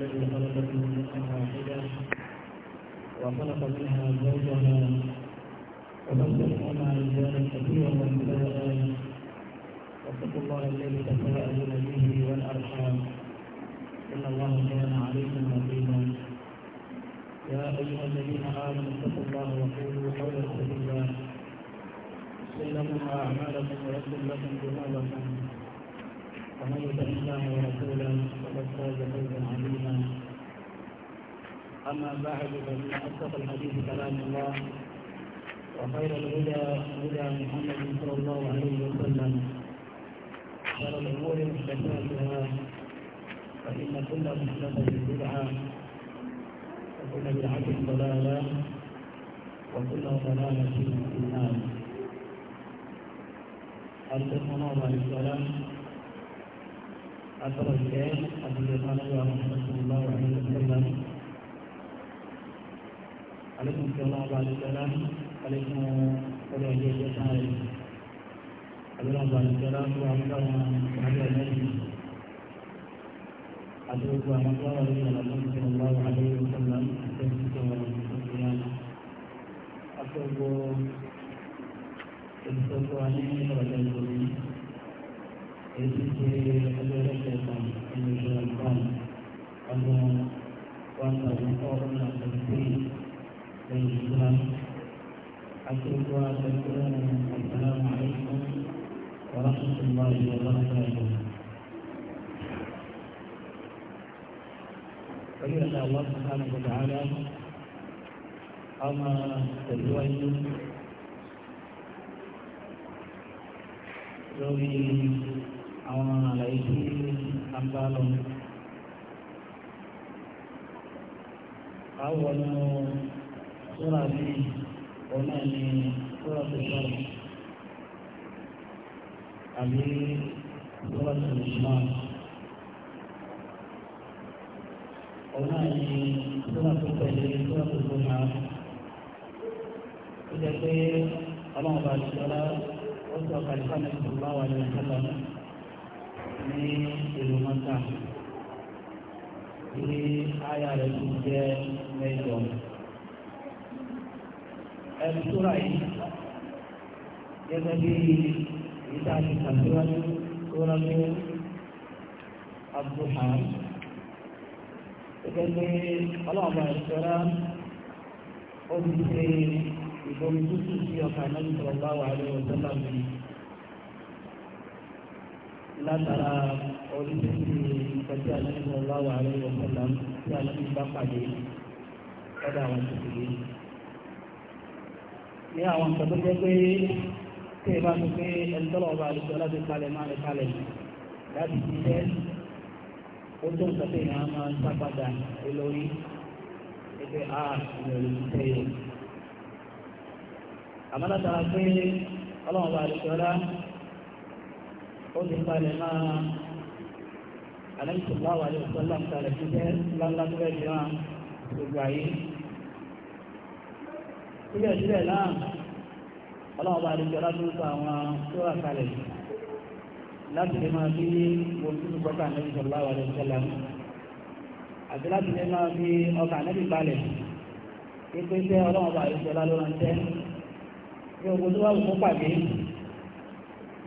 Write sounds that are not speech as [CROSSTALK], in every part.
الذي خلق من نفسا واحدة وخلق منها زوجها وبث منهما رجالا كثيرا ونساء واتقوا الله الذي تساءلون به والأرحام إن الله كان عليكم رقيبا يا أيها الذين آمنوا اتقوا الله وقولوا قولا سديدا يغفر لكم أعمالكم ويغفر لكم ذنوبكم ومن الله ورسوله فقد فاز فوزا عظيما اما بعد فان اصدق الحديث كلام الله وخير الهدى هدى محمد صلى الله عليه وسلم شر الامور محدثاتها فان كل محدثه بدعه وكل بدعه ضلاله وكل ضلاله في النار السلام atọrọ ìfẹ́ àdúgbò fáwọn àwọn ọmọ àwọn ìṣẹ̀lẹ̀ alekun tí wọn bá ti tẹlá alekun ọdọ ìjọ ìjọ sáà rẹ alekun bá ti tẹlá fún àwọn àwọn ìṣẹ̀lẹ̀ lẹ́yìn àti gbogbo àwọn tó wà lórí ọ̀nà tó ń tẹ̀lé wá wà lórí ìṣẹ̀lẹ̀ àti ìṣẹ̀lẹ̀ wà lórí ìṣẹ̀lẹ̀ àti gbogbo ìṣẹ̀lẹ̀ wà ní ìṣẹ̀lẹ̀ ìṣẹ̀lẹ̀ èyí ṣe ẹlẹ́dẹ́gbẹ̀ta ẹni ìṣẹ̀lẹ̀ báyìí ọdún one thousand four hundred and seventeen lẹ́yìn ìgbà akéwà àtẹ̀kùrẹ́ assalamu alaykum wa rahmatullahi wa barakatuh. فإن الله سبحانه وتعالى أمر تزوج lórí àwọn àlàyé tí a ń bá lọ. a wọ̀ nínú sọ́ra mi òun ni sọ́ra tó sọ̀rọ̀ àbí sọ́ra tó sọ̀rọ̀ òun náà ni sọ́ra tó tẹ̀lé sọ́ra tó sọ̀rọ̀ ó jẹ́ pé ọlọ́run bá ti ó sọ̀rọ̀ kàlífà náà ti sọ̀rọ̀ wà ní ìṣẹ̀lẹ̀ náà ní ìlú mọ́tà ní àyà rẹ̀ tó jẹ́ mẹ́jọ. ẹ̀rù sóra yìí gẹ́gẹ́ bí ìta ti tàbíwájú tó rábí abdulha gẹ́gẹ́ bí ọlọ́ọ̀bà ìṣẹ́ra ó ti ṣe ìbomi tútù sí ọkà náà sọ̀rọ̀ báwa àríwọ̀ sọ́lá mi látara oríṣiríṣi ìtọ́jú àlejò ọláwà rẹ̀ ọ̀pọ̀lá tí àlejò bá pàdé lọ́dọ̀ àwọn ìṣòro ní àwọn nǹkan tó jẹ́ pé tí ìbá tó pé ẹni tọ́lọ̀ ọba àlejò láti palẹ̀ máa rẹ̀ palẹ̀ láti ṣiṣẹ́ ó tó nǹkan tó ìyá máa ń sápadà lórí ẹgbẹ́ a ìrọ̀lẹ́ ṣiṣẹ́ yìí àmọ́ látara pé ọlọ́run ọba àlejò ọlá ó ti palẹ̀ máa alẹ́sọ̀láwà lè sọ́lá ìtàlẹ̀ tí jẹ́ lálátúrẹ́ ìran gbogbo ayé síbẹ̀síbẹ̀ náà ọlọ́ọ̀bá àdìjọ láti ń sọ àwọn tó rà kalẹ̀ láti lè máa fi gbogbo ìgbọ́ta alẹ́sọ̀láwà lè sọ́lá àti láti lè máa fi ọkà nẹ́bí balẹ̀ pípé tẹ́ ọlọ́ọ̀bá àdìjọ lálọ́rọ̀ ń tẹ́ bí ogun tó wà wù kó pàdé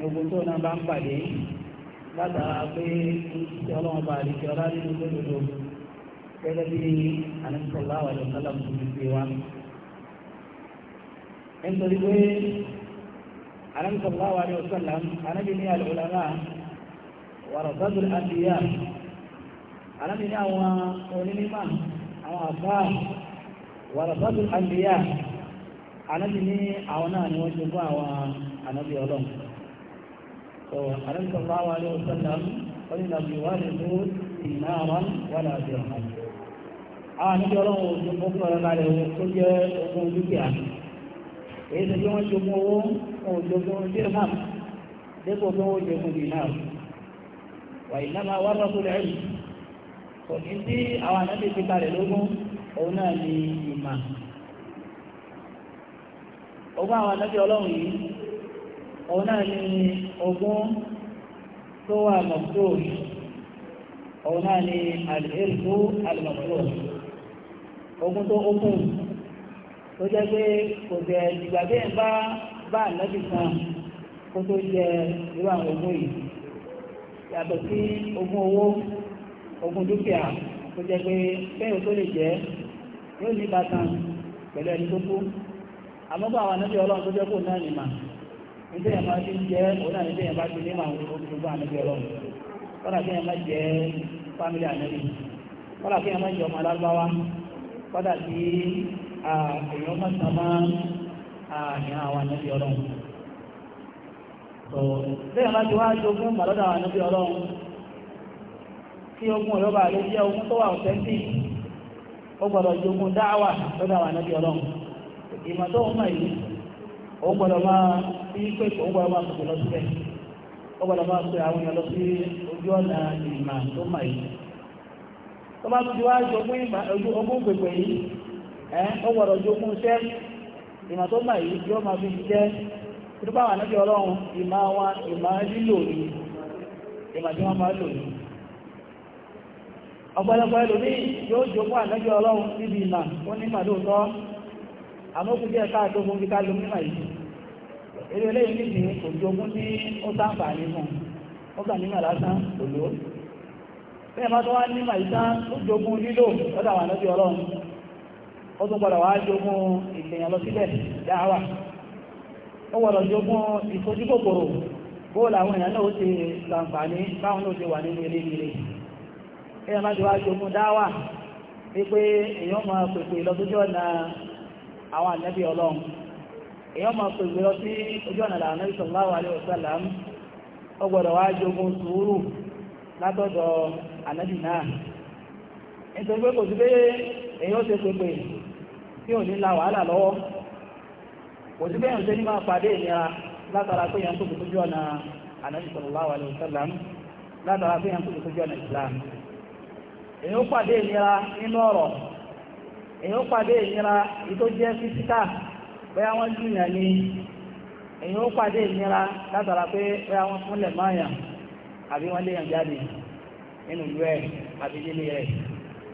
gbogbo tó náà bá ń pàdé látara pé ìṣẹ́ ọlọ́run bá àdìsí ọlá nínú lódodo gẹ́gẹ́ bí àníṣọ́lá àwàjọ sálà tó ti fi wá. nítorí pé àníṣọ́lá àwàjọ sálà anábì ní àlùlára wàrà sábìlì àdìyà anábì ní àwọn onímọ̀ àwọn àbá wàrà sábìlì àdìyà anábì ní àwọn náà ni wọ́n ti fún àwọn anábì ọlọ́run. àrẹ́sì ọ̀páwà ní ọ̀sánlám onílàbí wà ní mú ìnáàrán wà àwọn àníbí ọlọ́run ojú fún ọ̀rọ̀ kalẹ̀ tó jẹ́ ogun dúkìá èyí tó jẹ́ wọ́n jogún owó dirham dépò jogún dinar wà ìnáma wà kò ní sí àwọn kalẹ̀ lógún òun náà ní ìmà ogun àwọn ọlọ́run yìí òun náà ni ogún tó wà mọ̀tòrì òun náà ni àlèrìkú àlùmọ̀tòrì ogún tó ókùn tó jẹ́ pé kò jẹ́ ìgbà bí ń bá bá ànábì kan kó tó jẹ irú àwọn ogún yìí yàtọ̀ sí ogún owó ogún dúkìá tó jẹ́ pé kẹ́yìn tó lè jẹ́ yóò ní ìbátan pẹ̀lú ẹni tó kú àmọ́ bá àwọn ànábì ọlọ́run tó jẹ́ kó náà nìmọ̀ nítorí ẹ̀ máa ti ń jẹ́ òun náà nítorí ẹ̀ bá ti ní màá wọ́n ti gbọ́ ànábì ọlọ́run kọ́dà kí ẹ̀ máa jẹ́ fámìlì ànábì kọ́dà kí ẹ̀ máa jẹ́ ọmọ alágbáwá kọ́dà kí èèyàn máa sàn máa ìhàn àwọn ànábì ọlọ́run. tó bí ẹ̀ máa ti wá jogún màlọ́dà àwọn ànábì ọlọ́run kí ogun ìyọba rẹ̀ jẹ́ ogun tó wà ọ̀tẹ́ntì ó gbọ́dọ̀ jogún dáwà lọ́dà àwọn ànábì ọlọ́run ìmọ̀ tó ń mọ̀ yìí ó gbọ́dọ̀ máa sí pé òun máa pèsè lọ síbẹ̀ ó máa pè àwọn èèyàn sí ojú ọ̀nà ìmà tó mà yìí tó bá wá ìmà yìí ìmà tó yìí yóò máa fi jẹ́ tó bá wà ọlọ́run ìmà ìmà lílò ni ìmà tí wọ́n máa lò ni ẹlòmí yóò ọlọ́run níbi ìmà eré eléyìí nìsín kò ju ogún tí ó sáǹfààní fún ó kàn nímọ̀ lásán kò bẹ́ẹ̀ bá tó wá nímọ̀ ìsán ó jogún lílò lọ́dà wà lọ́dí ọlọ́run ó tún gbọ́dọ̀ wá jogún ìgbìyàn lọ sílẹ̀ dáhàwà ó gbọ́dọ̀ jogún ìfojúkòkòrò bóòlù àwọn èèyàn náà ó ti sàǹfààní báwọn náà ti wà nínú ilé wá wípé èèyàn máa pèpè lọ sójú ọ̀nà àwọn èèyàn máa pè gbé lọ sí ojú ọ̀nà làwọn Ànábì sallallahu alaihi wasallam ó gbọ́dọ̀ wá jogun sùúrù látọ̀dọ̀ ànábì náà nítorí pé kò sí pé èèyàn ṣe pépè tí ò ní la wàhálà lọ́wọ́ kò sí pé èèyàn ṣe ní máa pàdé ìnira látara pé èèyàn tóbi ọ̀nà ànábì látara pé èèyàn tóbi ọ̀nà Islam èèyàn pàdé ìnira nínú ọ̀rọ̀ èèyàn pàdé ìnira bóyá wọ́n júyàn ni èyí ó pàdé ìnira látara pé bóyá wọ́n fúnlẹ̀ máyàn àbí wọ́n léyàn jáde nínú ìlú ẹ̀ àbí nílé rẹ̀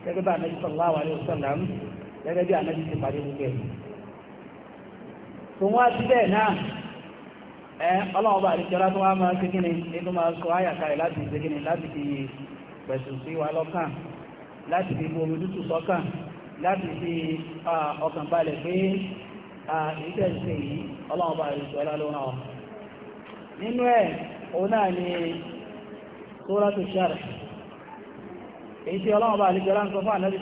gẹ́gẹ́ bí ànábi sallallahu alaihi wasallam gẹ́gẹ́ bí ànábi ti pàdé gbogbo ẹ̀. tòun wá sí bẹ́ẹ̀ náà ẹ ọlọ́run bá àdìjọra tó wá máa ń ṣe kíni nínú máa sọ àyàkárẹ̀ láti ṣe kíni láti fi pẹ̀sùn sí wa lọ́kàn láti fi mú omi tútù sọ́kàn láti fi ọkàn balẹ̀ pé ìṣẹ́ ìṣe yìí ọlọ́ọ̀bá ìṣọ́lá ló náà nínú ẹ̀ òun náà ni Suratu Sharh èyí tí ọlọ́ọ̀bá àlejọ́lá ń sọ fún ànábì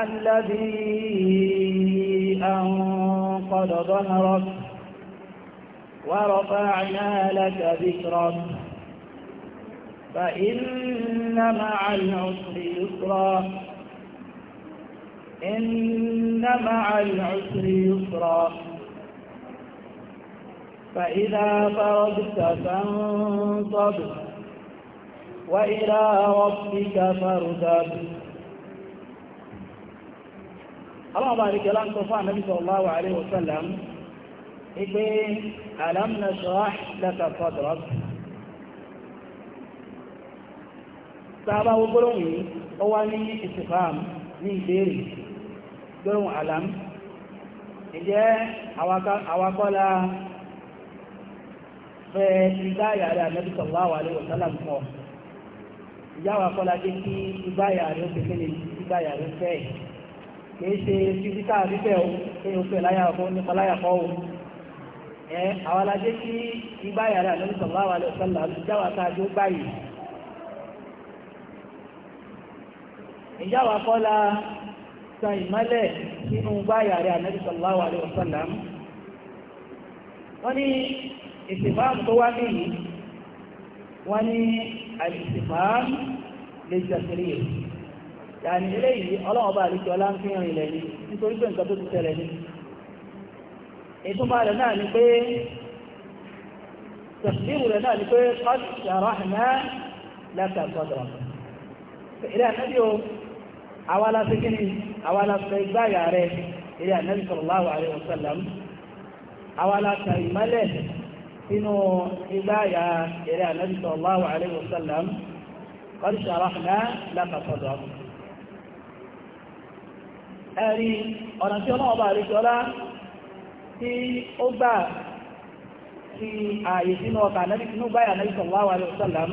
الذي أنقض ظهرك ورفعنا لك ذكرك فإن مع العسر يسرا إن مع العسر يسرا فإذا فرغت فانصب وإلى ربك فارتب aláwọ̀ bá rikẹ̀ láti sọ fún ànábì sallallahu alaihi wasallam ipe alam nashrah laka sadrak sábà wo gbólóhùn yìí ó wá ní istifham ní ìbéèrè gbólóhùn alam ìjẹ́ àwakọ́lá fẹ́ ìgbáyà rẹ̀ ànábì sallallahu alaihi wasallam fún ọ ìyá àwakọ́lá jẹ́ kí ìgbáyà rẹ̀ ó fi kí ni ìgbáyà rẹ̀ fẹ́ yìí kìí ṣe fíjíkà rífẹ́ o kéyìn ó fẹ́ láyà fún nípa láyà fọ́ o ẹ àwọn alájẹ tí igbá yàrá àlọ́lù sallallahu alaihi wasallam jáwà tá a jó báyìí ìjáwà kọ́la san ìmọ́lẹ̀ nínú igbá yàrá àlọ́lù sallallahu alaihi wasallam wọ́n ní ìsìfàm tó wá ní yìí wọ́n ní àìsìfàm lè jẹ́ sírí yàní eléyìí ọlọ́wọ́n bá àlejò ọlá ń fi hàn ilẹ̀ ni nítorí pé nǹkan tó ti tẹ̀lẹ̀ ni ìtumọ̀ rẹ̀ náà ni pé tẹ̀síwù rẹ̀ náà ni pé kọ́ọ̀tù yàrá ẹ̀mẹ́ lẹ́sẹ̀ sọ́dọ̀ ilé ànábì o àwa la fi kíni àwa la fi gbáyà rẹ̀ ilé ànábì sallallahu ẹ̀rí ọ̀nà tí ọlọ́wọ́ bá rí ṣọ́lá tí ó gbà ti ààyè sínú ọkà anábìsínú báyà anábì sallallahu alaihi wasallam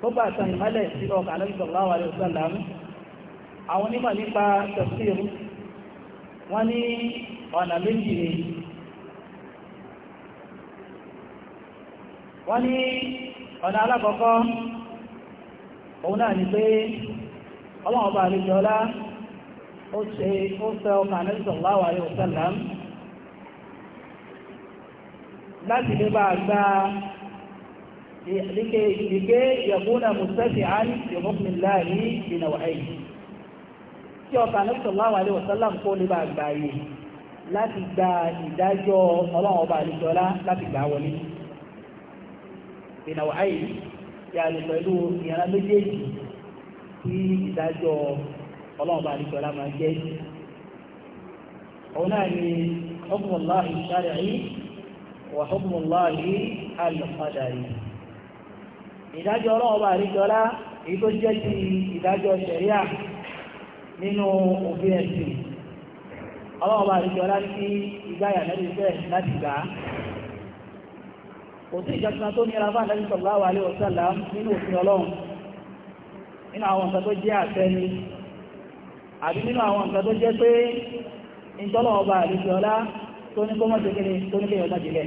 tó gbà tan ìmọ́lẹ̀ sínú ọkà anábì sallallahu alaihi nípa ní ni ọ ó ṣe ó fẹ́ ọkà Ànábì sallallahu alaihi wasallam láti lè bá gba ìgbé yàgúnà mùsẹ́fì án yọmọ́kùnrinláàrí ìnàwó ẹ̀yìn tí ọkà Ànábì sallallahu alaihi wasallam kó lè bá gba yìí láti gba ìdájọ́ ọlọ́run ọba àlejọ́lá láti gbà wọlé ìnàwó ẹ̀yìn yàrá pẹ̀lú ìyàrá méjèèjì sí ìdájọ́ ọlọ́run bá àdìsọ ọlá máa jẹ́ òun náà ni hukmullahi shar'i wa hukmullahi al-qadari ìdájọ́ ọlọ́run bá àdìsọ ọlá èyí tó jẹ́ ti ìdájọ́ ṣẹ̀ríà nínú òfin ẹ̀sìn ọlọ́run bá àdìsọ ọlá sí ìgbáyà lẹ́yìn bẹ́ẹ̀ láti gbà á kò sí ìjọsìn tó nira bá Nabi sallallahu alaihi wasallam nínú òfin ọlọ́run nínú àwọn nǹkan tó jẹ́ àfẹ́ ni àbí nínú àwọn nǹkan tó jẹ́ pé ìtọ́lọ̀ ọba àlejò ọlá tó ní kó mọ́tò kéré tó ní kéèyàn jáde lẹ̀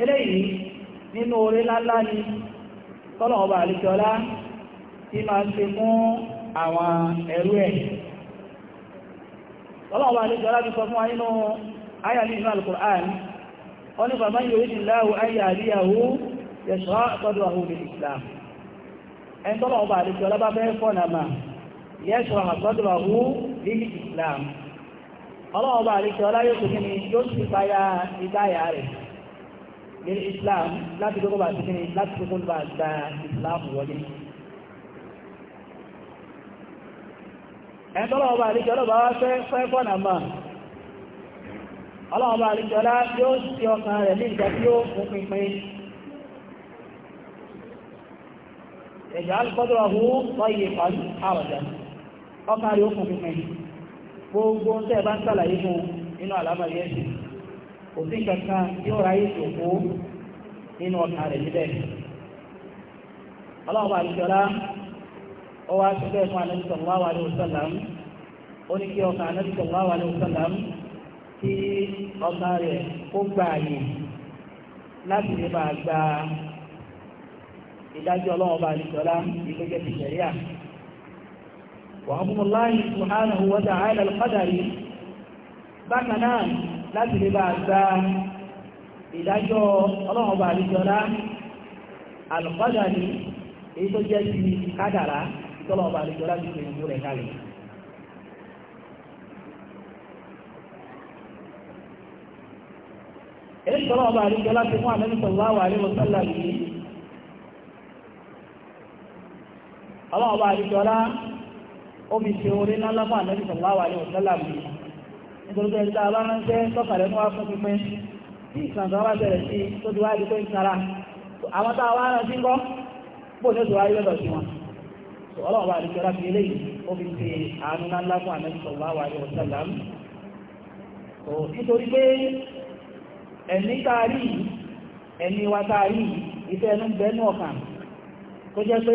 eléyìí nínú orí láńlá ni tọ́lọ̀ ọba àlejò ọlá tí máa ń ṣe fún àwọn ẹrú ẹ̀ tọ́lọ̀ ọba àlejò ọlá ti sọ fún wa nínú àyà ní inú alukur'an wọ́n ní bàbá yóò rí islam ẹni tọ́lọ̀ ọba àlejò ọlọ́ba fẹ́ fọ́nà mà yẹ́sọ̀ àtọ́dọ̀rọ̀ hù lílì Islam ọlọ́ọba àlejò ọlá yóò tún ní yóò sì fàyà ìdáyà rẹ̀ lílì Islam láti gbogbo bá ti kíni láti gbogbo bá gba Islam wọlé ẹni tọ́lọ̀ ọba àlejò ọlọ́ba fẹ́ fọ́nà mà ọlọ́ọba àlejò ọlá ẹ̀jọ́ alùpọ́dọ̀ ọ̀hún lọ́yẹ̀ pàdù àrọ̀jà ọkàrí ó fún pípẹ́ gbogbo ń tẹ́ bá ń sàlàyé fún inú àlámàrí ẹ̀sìn kò sí kankan tí ó ráyè ṣòfò nínú ọkàn rẹ̀ níbẹ̀ ọlọ́ọ̀bà àlùjọ́lá ó wá sí bẹ́ẹ̀ fún anábì sallallahu alaihi wasallam ó ní kí ọkàn anábì sallallahu alaihi ìdájọ́ ọlọ́wọ́ bá nìjọlá ìgbẹ́jẹ́ ti ṣẹ̀ríà wàhùnmùláyì subhanahu wa na al-qadari bákan náà láti lè bá gba ìdájọ́ ọlọ́wọ́ bá nìjọlá èyí tó jẹ́ ti kádàrá ìtọ́lọ́wọ́ bá ti ṣe rẹ̀ kalẹ̀ èyí ti fún ọlọ́ọ̀bá àríkọ́lá ó fi ṣe orí lálọ́pàá ànábì sallallahu alaihi wasallam nítorí pé ẹ̀ta bá ránṣẹ́ tọ́kàlẹ̀ ní wá fún pípẹ́ tí ìsànṣán bá bẹ̀rẹ̀ sí tó ti wá di pé ń sara àwọn tá a wá rán sí ń kọ́ bó ní ó ti wá rí lọ́dọ̀ sí wọn ọlọ́ọ̀bá àríkọ́lá fi eléyìí ó fi ṣe jẹ́ pé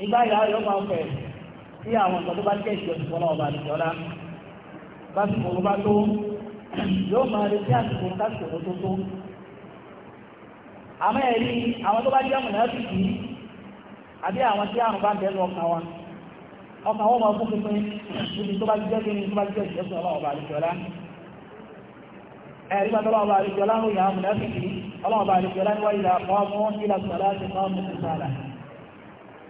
ìgbà ìyá yóò máa fẹ̀ sí àwọn nǹkan tó bá jẹ́ ìjọsìn fún ọba àdìjọ́lá básìkò ló bá tó yóò máa retí àsìkò lásìkò ló tó tó àmọ́ ẹ̀rí àwọn tó bá jẹ́ mùnàfíìsì àbí àwọn tí àrùn bá ń bẹ̀rù ọkàn wa ọkàn wọn máa fún pínpín níbi tó bá jẹ́ kí ni tó bá jẹ́ ìjọsìn ọlọ́ọ̀bà àdìjọ́lá ẹ̀rí bá tọ́lọ́ọ̀bà àdìjọ́lá ń ròyìn àwọn mùnàfíìsì ọlọ́ọ̀bà àdìjọ́lá níwáyé ìlà kọ́ mọ́ ìlà sọ̀lá ti kọ́ mọ́ ìsàlà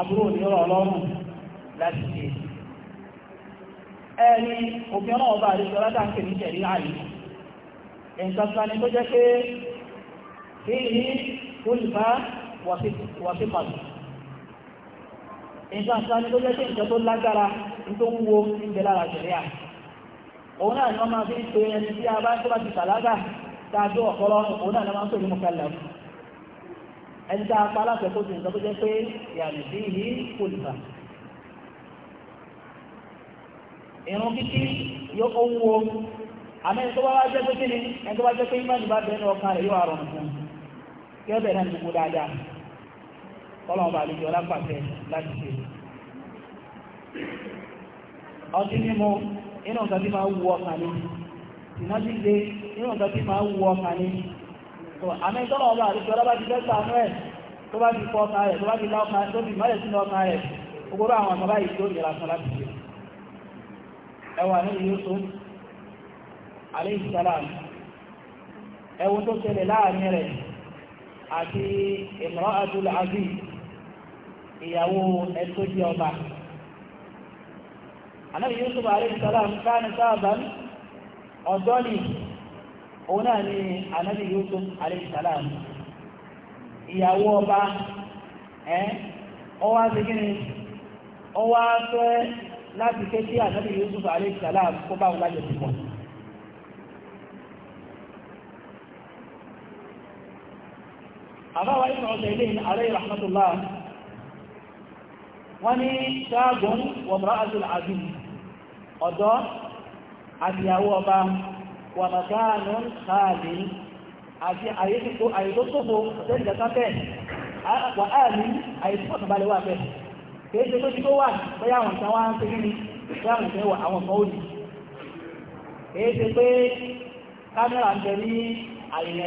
àbúrò ní ọ̀rọ̀ ọlọ́run láti ṣe ẹni òfin ọ̀rọ̀ ọba àdéjọ látàkì ní ṣẹ̀rí àyè nǹkan kan ni tó jẹ́ pé kí ní olùbá wàfíkàlù nǹkan kan ni tó jẹ́ pé nǹkan tó lágbára tó ń wo ìgbẹ́ lára ṣẹ̀rí òun náà ni wọ́n máa fi ń pe ẹni tí a bá tó bá ti sàlágà tàbí ọ̀pọ̀lọ́ ẹni tá a pa aláṣẹ tó ti nǹkan tó jẹ́ pé yàrá sí ìhí kò lè fà. ìrun kíkí yóò owó àmọ́ ẹni tó bá wá jẹ́ pé kí ni ẹni tó bá jẹ́ pé ìmọ̀lì bá bẹ̀rẹ̀ ọkàn rẹ̀ yóò àrùn fún un kí ẹ bẹ̀rẹ̀ ní gbogbo dáadáa kọ́lọ́mù àlejò ọlápàtẹ láti ṣe. ọtí mímu inú nǹkan tí máa wù ọkàn ni ìnájú ilé inú nǹkan tí máa wù ọkàn ni àmẹ́ ọba àti ìjọba tó bá ti rẹ̀ tó bá ti lá ọkà tó ti mọ́lẹ̀ sínú ọkà tó yẹra sọ láti ṣe ẹwà ní Yusuf salam ọ̀dọ́ ni òun náà ni anabi yusuf aleyhisalaam ìyàwó ọba ẹ ọwọ́ àtìkíni ọwọ́ afẹ́ láti ké sí anabi yusuf aleyhisalaam kó bá wọn lájọsìpọ̀ àbáwá ibn Uthaymeen alayhi rahmatullah wọ́n ní ṣáàgùn wọ̀mùrá àti àdùn ọ̀dọ́ àtìyàwó ọba wà màkánù káàlì àti àyètòkò àyètòkòfò sẹ́yìn kankan bẹ́ẹ̀ wà áàlì àyètòkòfò balẹ̀ wà bẹ́ẹ̀ kìí ṣe tó ti tó wà bóyá àwọn ìtàn wá ń pè ní bóyá àwọn ìtàn wà àwọn kan ó lì kìí ṣe pé kámẹ́rà ń bẹ ní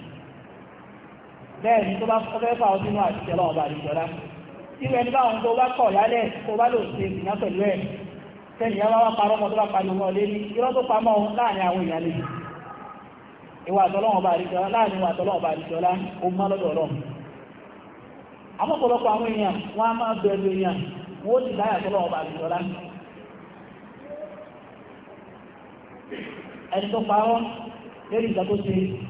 bẹ́ẹ̀ tó bá fẹ́ fà ọdún náà àti ìṣẹ̀lọ́ ọba àdìjọ́lá irú ẹni báwọn tó bá kọ̀ lálẹ́ tó bá lò ṣe ìsìnà pẹ̀lú ẹ̀ tẹ́lẹ̀ yẹn wá parọ́ mọ́ tó bá pariwo mọ́ lé ní irọ́ tó pamọ́ láàrin àwọn èèyàn lè ìwà àtọ́lọ́wọ̀n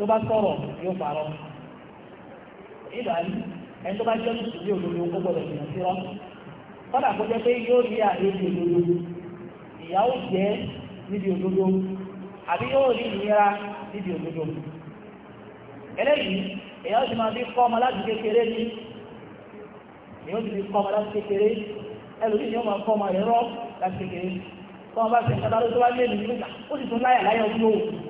tó bá sọ̀rọ̀ yóò parọ́ ìbàlí ẹni tó bá jẹ́ mùsùlùmí òdodo ó gbọ́dọ̀ jìnnà sí rọ́ kọ́dà kó jẹ́ pé yóò rí àlejò òdodo ìyàwó jẹ́ níbi òdodo àbí yóò rí ìnira níbi òdodo eléyìí èyàn ti máa fi kọ́ ọmọ láti kékeré ní èyàn ti fi kọ́ ọmọ láti kékeré ẹlòmí ni ó máa kọ́ ọmọ rẹ̀ rọ́ láti kékeré kọ́ ọmọ bá ti ń kọ́ tó wá lé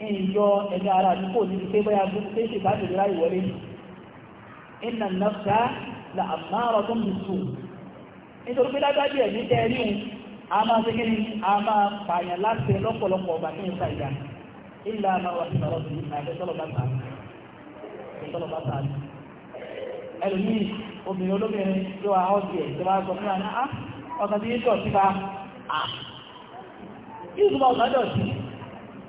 ìyọ ẹ̀mí ara mi kò ní pé bóyá gbogbo pé ṣe báṣe lè ráyè wọlé iná nafsa la àmárọ̀ tó mi sùn nítorí pé lágbájú ẹ̀mí tẹ́ rí a máa ṣe kí ni a máa pààyàn láti lọ́pọ̀lọpọ̀ ní ìta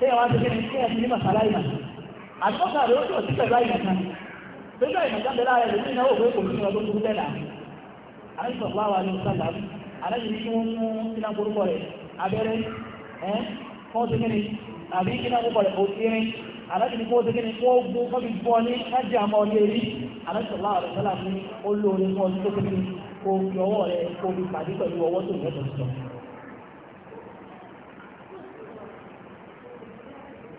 tẹ́yẹ̀ wá tó kẹ́ni tẹ́yẹ̀ sí ní màsàlá ìmà àtọ́kà rẹ̀ ó tó sí pẹ̀lú àìmà kan pẹ̀lú àìmà kan bẹ̀rẹ̀ rẹ̀ lórí ìnáwó òwe kò ní ọdún tó bẹ̀rẹ̀ àìsàn wà wà ní ọ̀sán aláyé ní wọ́n mú iná korúkọ rẹ̀ abẹ́rẹ́ ẹ́ kọ́ tó kẹ́ni àbí iná korúkọ rẹ̀ òtírin aláyé ní kọ́ tó kẹ́ni kọ́ gbó kọ́ fi bọ́ ní láti àmọ́ ní èrí aláìsàn wà rẹ̀ sọ́lá fún olóore fún ọdún tó kẹ́ni kó fi ọwọ́ rẹ̀ kó fi pàdé pẹ̀lú ọwọ́ tó ń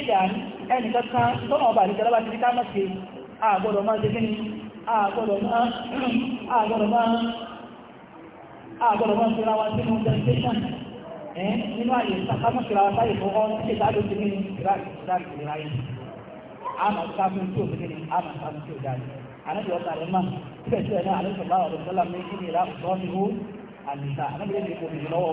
ìdàn ẹnìkankan tọ́nà ọba àríkẹ́lá bá ti rí ká mọ́ sí àgbọ́dọ̀ máa ṣe gíní àgbọ́dọ̀ máa ṣe ra wa sínú temptation ẹ́ nínú àyè sákámọ́ ṣe ra wa sáyè fún ọ́n tí ìdájọ́ ti gíní ìrákì ìráyè àmà sáfún tí ò gíní àmà sáfún tí ò dáadé ànábì ọ̀tà rẹ̀ máa síbẹ̀síbẹ̀ náà àlẹ́sọ̀lá ọ̀dọ̀ sọ́lá méjì ní ìlà ọ̀dọ́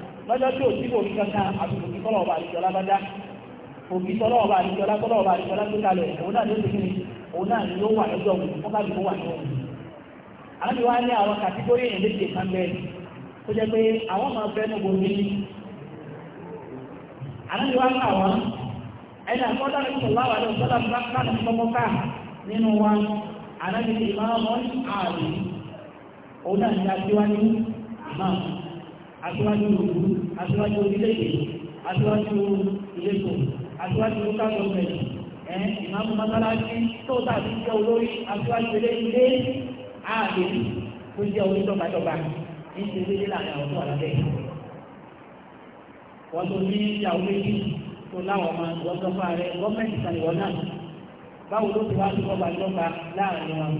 lọ́jọ́ tí ò síbò ní kankan àbùkù tọ́lọ̀ ọba àdìjọ́lá bá dá òbí tọ́lọ̀ ọba àdìjọ́lá tọ́lọ̀ ọba tó kalẹ̀ òun náà ló ti kíni òun náà ni yóò wà lọ́jọ́ òun wà ní òun. ní àwọn kàtígórì kan bẹ́ẹ̀ tó jẹ́ pé àwọn máa fẹ́ ní gbogbo yìí. ní àwọn ẹni ní aṣíwájú òkú aṣíwájú orílẹ̀-èdè aṣíwájú ìletò aṣíwájú local government ẹ̀ ìmáàmù mọ́sálásí tó tàbí jẹ́ olórí aṣíwájú ilé ààbè tó jẹ́ onídọ́gbàdọ́gbà ní ti orílẹ̀ láàrin àwọn tó wà lábẹ́ wọ́n tó ní ìyàwó méjì tó láwọn ọmọ ìwọ́sọ́fà rẹ̀ gọ́ọ̀mẹ̀ntì kan ìwọ náà báwo ló ti wá sí ọgbà ìjọba láàrin wọn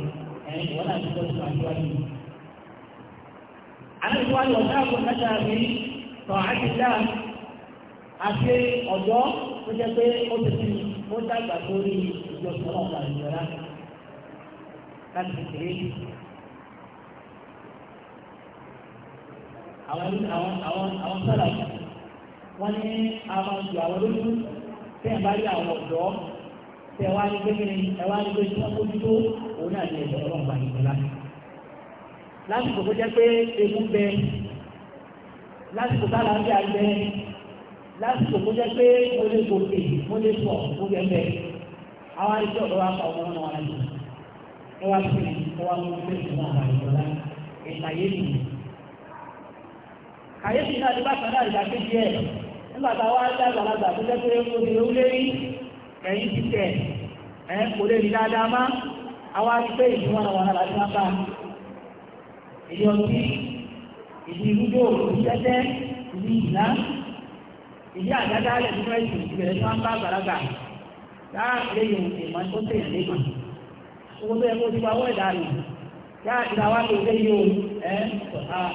ẹ̀ ìwọ náà ti tọ́jú àṣíwájú yìí àlejò wa ni ọ̀gá àgbọ̀n mẹ́ta mi tọ̀ àti dáa àti ọ̀dọ́ tó jẹ́ pé ó ti fi ó dàgbà sórí ìjọsìn ọlọ́ọ̀gá ìjọra láti kékeré. àwọn àwọn àwọn àwọn sọ́là wọ́n ní àwọn ju àwọn lójú tẹ́ ẹ̀ bá rí àwọn ọ̀dọ́ tẹ́ ẹ wá ní gbẹ́gbẹ́ni ẹ wá ní gbẹ́gbẹ́ni tó ń bójú tó òun náà ní ẹ̀dọ́ ọlọ́ọ̀gá ìjọra lásìkò tó jẹ́ pé ewu bẹ lásìkò tó àlàáfíà bẹ lásìkò tó jẹ́ pé mo lè gòkè mo lè pọ̀ mo lè bẹ àwọn àìsí ọ̀dọ́ wa pa ọmọ náà wáyé ẹ wá sí ẹ wá mú ilé ìjọba àwọn àìsọ̀lá ìtàyé nì kàyéfì náà ti bá kan náà kejì ẹ nígbà tá a wá dá tó jẹ́ pé mo lè wúlé rí ẹ̀yìn ti tẹ̀ ẹ̀ kò lè rí dáadáa má àwọn àti pé ìdíwọ́n náà wà náà láti má bá a èyí ọtí ìdí ìrújó ìdí tẹ́tẹ́ ìdí ìlà ìdí àdáda alẹ́ nínú ẹ̀sìn ìbẹ̀rẹ̀ tí wọ́n bá gbàlagbà yáa lẹ́yìn ìmọ̀ tó tẹ̀yàn lẹ́gbà owó tó yẹ kó ti wá owó ẹ̀dá rẹ̀ yáa ìdá wa ló dé yóò ẹ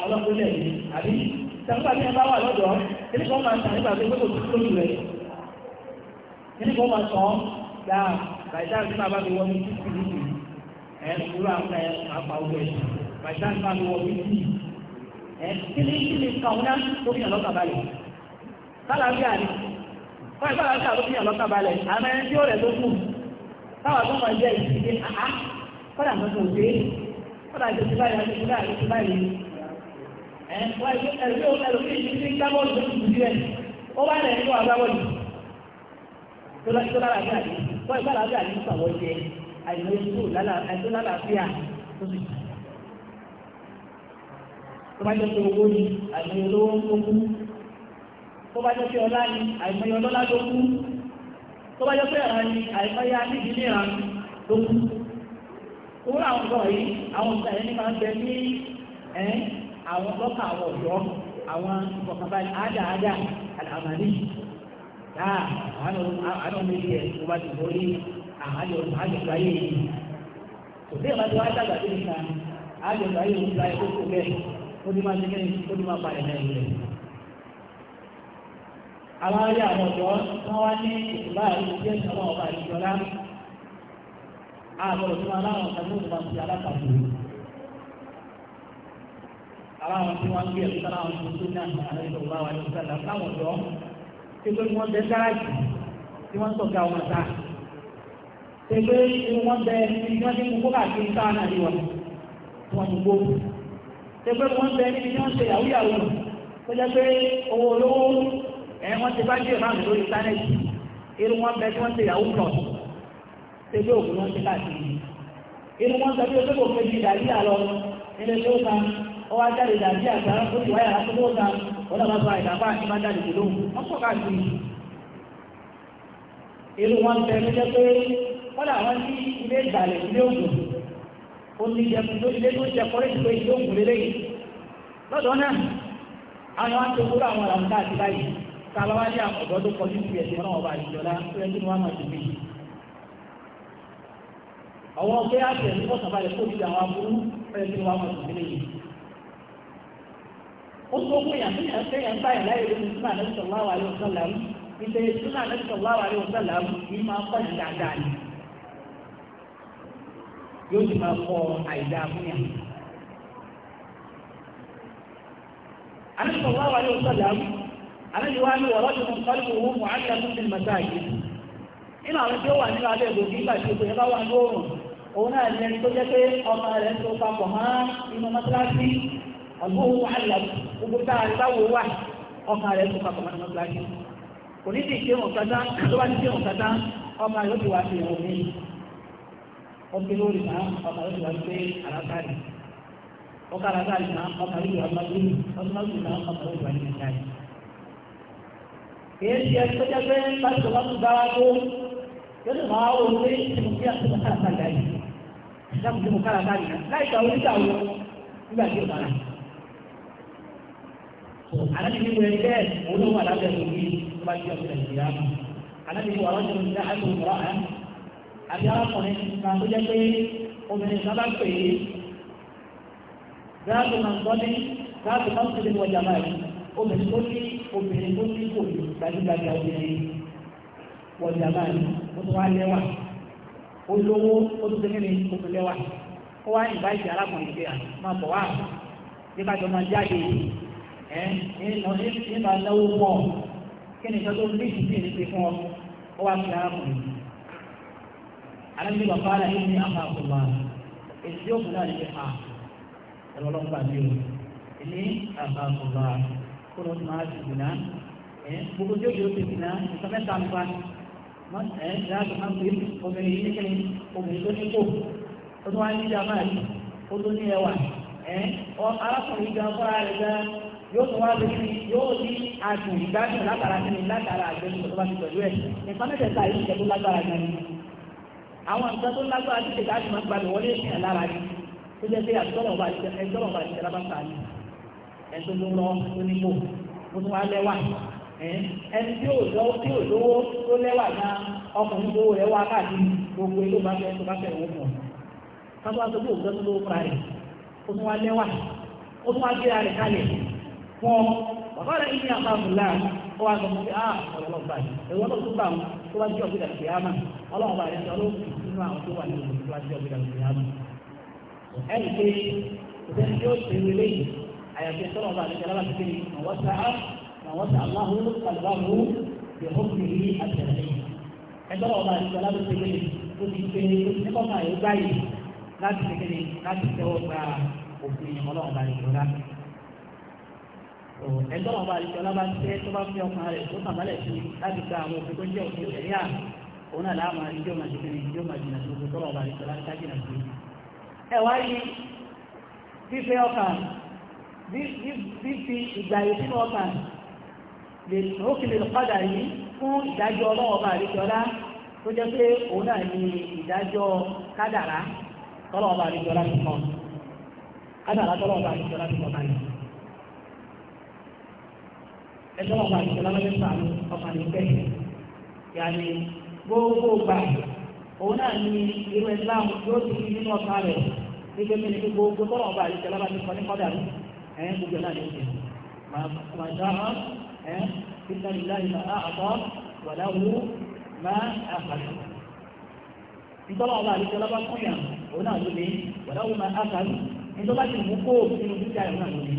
ọlọ́pàá lẹ̀ mí àbí sàǹgbà tí ẹ bá wà lọ́dọ̀ ẹni kan máa sàn nígbà tó kó tó tó lù rẹ̀ ẹni kan máa sàn yáa bàtà tí màá bá fi wọ́n ní títí nìyí ẹ̀ ń kúrò àwọn ẹ̀ máa pa owó ẹ̀sìn by chance bá mi wọ bí sí ẹ kí ni kí ni kàwọn náà tó fi hàn lọ́kà balẹ̀ kálàáfíà ni wọ́n ìgbà láti àwọn tó fi hàn lọ́kà balẹ̀ àmọ́ ẹni tí ó rẹ̀ tó kù táwọn tó máa jẹ́ ìdílé àá kọ́dà tó tó dé kọ́dà tó ti báyìí àti ìdílé àti ìdílé báyìí ẹ wọ́n ìgbà ẹ̀rí ó ẹ̀rọ kí ni kí ni gbábọ́ọ̀lù tó ti dì ó bá rẹ̀ nínú agbábọ́ọ̀lù tó lálàáfíà ni wọ́n ìgbà láti àdínkù àwọn jẹ àìmọ́ tó bá jẹ́ pé owó ni àìmọye olówó ń tó kú tó bá jẹ́ pé ọlá ni àìmọye ọlọ́lá tó kú ni àìmọye alíbi ní ìran tó kú owó àwọn nǹkan yìí àwọn nǹkan yẹn ní máa ń bẹ ní ẹ̀ àwọn lọ́kà àwọn ọ̀dọ́ àwọn ìfọ̀kànbalẹ̀ àádáadá àlàmàlì dáa àwọn ọmọ ilé ẹ̀ tó bá ti borí àjọ ó ní máa jẹ́ ó ní máa parẹ̀ lẹ́yìn rẹ̀. àwọn orí àwọn ọ̀dọ́ wọ́n wá ní ìgbà àríwíjẹ́ ìṣọ́lá ọba àríjọlá àbọ̀rọ̀ tí wọ́n aláwọ̀ ọ̀sán ló máa ti alápàdé aláwọ̀ tí wọ́n gbé ẹ̀kọ́ aláwọ̀ tó tó ní àná àríjọ ọba wa ní ìṣẹ́lá láwọn ọ̀dọ́ tí pé wọ́n bẹ gáràjì tí wọ́n tọ̀gá wọn ta tí pé wọ́n bẹ ní wọ́n ní kókó àti ìta náà rí wọn tí wọ́n ti gbó tẹgbẹ́ wọn bẹ níbi tí wọ́n ṣe yàwó yàwó tó jẹ́ pé owó olówó ẹ̀ wọ́n ti bá díẹ̀ máa lórí íńtánẹ́ẹ̀tì irú wọn bẹ tí wọ́n ṣe yàwó pọ̀ tẹgbẹ́ òkú wọn ṣe káàkiri irú wọn sọ pé ó fẹ́jì dàbí àlọ́ ilé tó kan ó wá jáde dàbí àgbà ó ti wáyà tó tó kan ó lọ́wọ́ sọ àìdàbà ní bá jáde lóhùn wọ́n pọ̀ káàkiri irú wọn bẹ tó jẹ́ pé wọ́n làwọn ní ilé ìgbàlẹ̀ ilé ògùn olùdíjẹ tó jẹ kọ́rẹ́tì pé ìlú òkú lélẹ́yìn lọ́dọ̀ náà àwọn àti òkúrò àwọn àlàmúdá àti báyìí tàbá wá ní àkọ́dọ́ tó kọjú sí ẹ̀sìn ọlọ́wọ́ bá ìjọba tó yẹ kí wọ́n máa dùn bí. àwọn ọgbẹ́ àti ẹ̀sìn kọ̀ọ̀kan balẹ̀ kó ti àwọn aburú fẹ́ẹ́ kí wọ́n máa dùn bí lẹ́yìn. ó tó kó yàn fún yàn fẹ́yàn báyìí láyé lórí súnà lẹ́sọ̀ láwàlẹ́ yóò sì máa kọ àìdá fún yàn. Àdìsọ̀wọ́ àwọn yóò sọ̀lá mú, àdìsọ̀ wá ní ọ̀rọ̀ tuntun kọ́lù owó mọ̀ á lẹ́kùn sí màtá yìí. Nínú àwọn tí ó wà nínú abẹ́ ìgbòkí ìgbà tí bá wà ní oòrùn, òun náà tó jẹ́ pé ọmọ rẹ̀ tó papọ̀ mọ́ inú mọ́tíláṣí, owó rí báwo wà, ọmọ rẹ̀ tó papọ̀ mọ́ inú mọ́tíláṣí. Kò ó ké lórí náà ọkà lórí wa pé àlàkàrí ọkà àlàkàrí náà ọkà lórí wa máa lórí ọdún máa lórí náà ọkà lórí wa ní nàìjíríà. kìí ṣe ẹni tó jẹ́ pé pásítọ̀ bá tún dára tó yóò tún máa wọ pé mo fi àti mo kára kárí láyé ìdáàbò tí mo kára kárí náà láì gbà wọlé gbà nígbà tí ó bára. àlàyé mi wẹ̀ bẹ́ẹ̀ òun ló wà lábẹ́ òbí tó àbí arákùnrin kan tó jẹ́ pé obìnrin kan pè é gáàsì máa ń gbọ́ ní gáàsì máa ń tó nínú ọjà báyìí obìnrin tó ní obìnrin tó ní kò ní gbajúgbajà obìnrin wọ̀jà báyìí ó tún wá lẹ́wà olówó ó tún tẹ́lẹ̀ ní kókó lẹ́wà ó wá ìbá ìṣe arákùnrin pé à máa bọ̀ wá nípa tó máa jáde ẹ nípa náwó pọ̀ kí ni ìjọba ó ní ìṣìṣẹ́ ìṣe fún ọ ó wá fi arákùnrin alábí bàbá rẹ̀ yìí ní àpá àkùnmá èsì òkú náà ní à ẹ̀rọ ọlọ́pàá mi ò ní àpá àkùnmá kó ló máa ti gbìnà ẹ̀ gbogbo tí ó yóò ti gbìnà nǹkan mẹ́ta ń fa ẹ̀ láti máa gbé obìnrin yìí nìkan obìnrin tó ní kó ó tún wá ní ìjà máa yìí ó tún ní ẹwà ẹ̀ arákùnrin gan fúnra rẹ̀ gan yóò tún wá lórí yóò ní àtùn ìgbádùn látara sí ni látara àgbẹ̀sùn tó bá ti pẹ̀lú ẹ̀ nǹkan àwọn nǹkan tó lágbára ti tètè àti máa gbalẹ̀ wọlé lára ni tó jẹ́ pé àtọ́lọ̀ ọba àti ọba àti ìjọba bá ta ni ló ń lọ tó ní mo tún wá lẹ́wà ẹni tí ò lọ tí ò lówó tó lẹ́wà náà ọkùnrin tó rẹ̀ wá káàkiri gbogbo bá fẹ́ tó bá fẹ́ mọ̀ káwọn aṣọ bí òkúta tó lówó ọ̀kọ́rẹ́ ilé àpapọ̀lá ó wá sọ fún mi ah ọ̀rọ̀ ọ̀gbà yìí ẹ̀wọ́n tó tún bá wọn tó bá jẹ́ ọ̀gbẹ́dà kìyàmà ọlọ́run bá rẹ̀ sọ ló kù nínú àwọn tó wà ní ìlú tó bá jẹ́ ọ̀gbẹ́dà kìyàmà. ẹnì pé ìṣẹ́ni yóò ṣe wí léyìí àyàfi sọ́nà bá rẹ̀ sọ́nà bá ti kéde ọ̀wọ́sà ọ̀wọ́sà aláhùn kàlùbáhù yòókùnrin àtẹ̀lẹ́ ẹgbẹ́ ọba àdìgbà lábẹ́sẹ̀gbẹ́ tó ti pé nípa ọba àyè ẹgbẹ́ wọn bá ọlá bá tẹ́ tó bá fi ọkàn rẹ̀ tó sí láti gba àwọn òfin tó jẹ́ òfin ìṣẹ̀lẹ̀ yà òun náà láàmú àríjọ́ máa ṣe kiri máa jìnà tó sí. ẹ wá fífẹ́ ọkàn fífi ìgbà yìí sínú ọkàn lè ó lè padà fún ìdájọ́ ọlọ́wọ́ ọlá tó jẹ́ pé òun ẹjọ́ ọba ìṣẹ̀lá lọ́dẹ sàánú ọba nìkẹ́ yàní gbogbo gbà òun náà ní irú ẹ̀sìn láàmú yóò ti fi nínú ọ̀sán rẹ̀ nígbè mí ní gbogbo tọ́lọ̀ ọba ìṣẹ̀lá bá kọ́ ní kọ́dà rẹ̀ ẹ̀ gbogbo náà ní oṣù màdá ẹ̀ fífẹ́ nílá ìlà àtọ́ wàláwú má àkàlù ìtọ́lọ̀ ọba ìṣẹ̀lá bá kúnyà òun náà ló ní wàláwú má àkàlù ìtọ́lá ti mú kó nínú dúkìá ìrún náà ló ní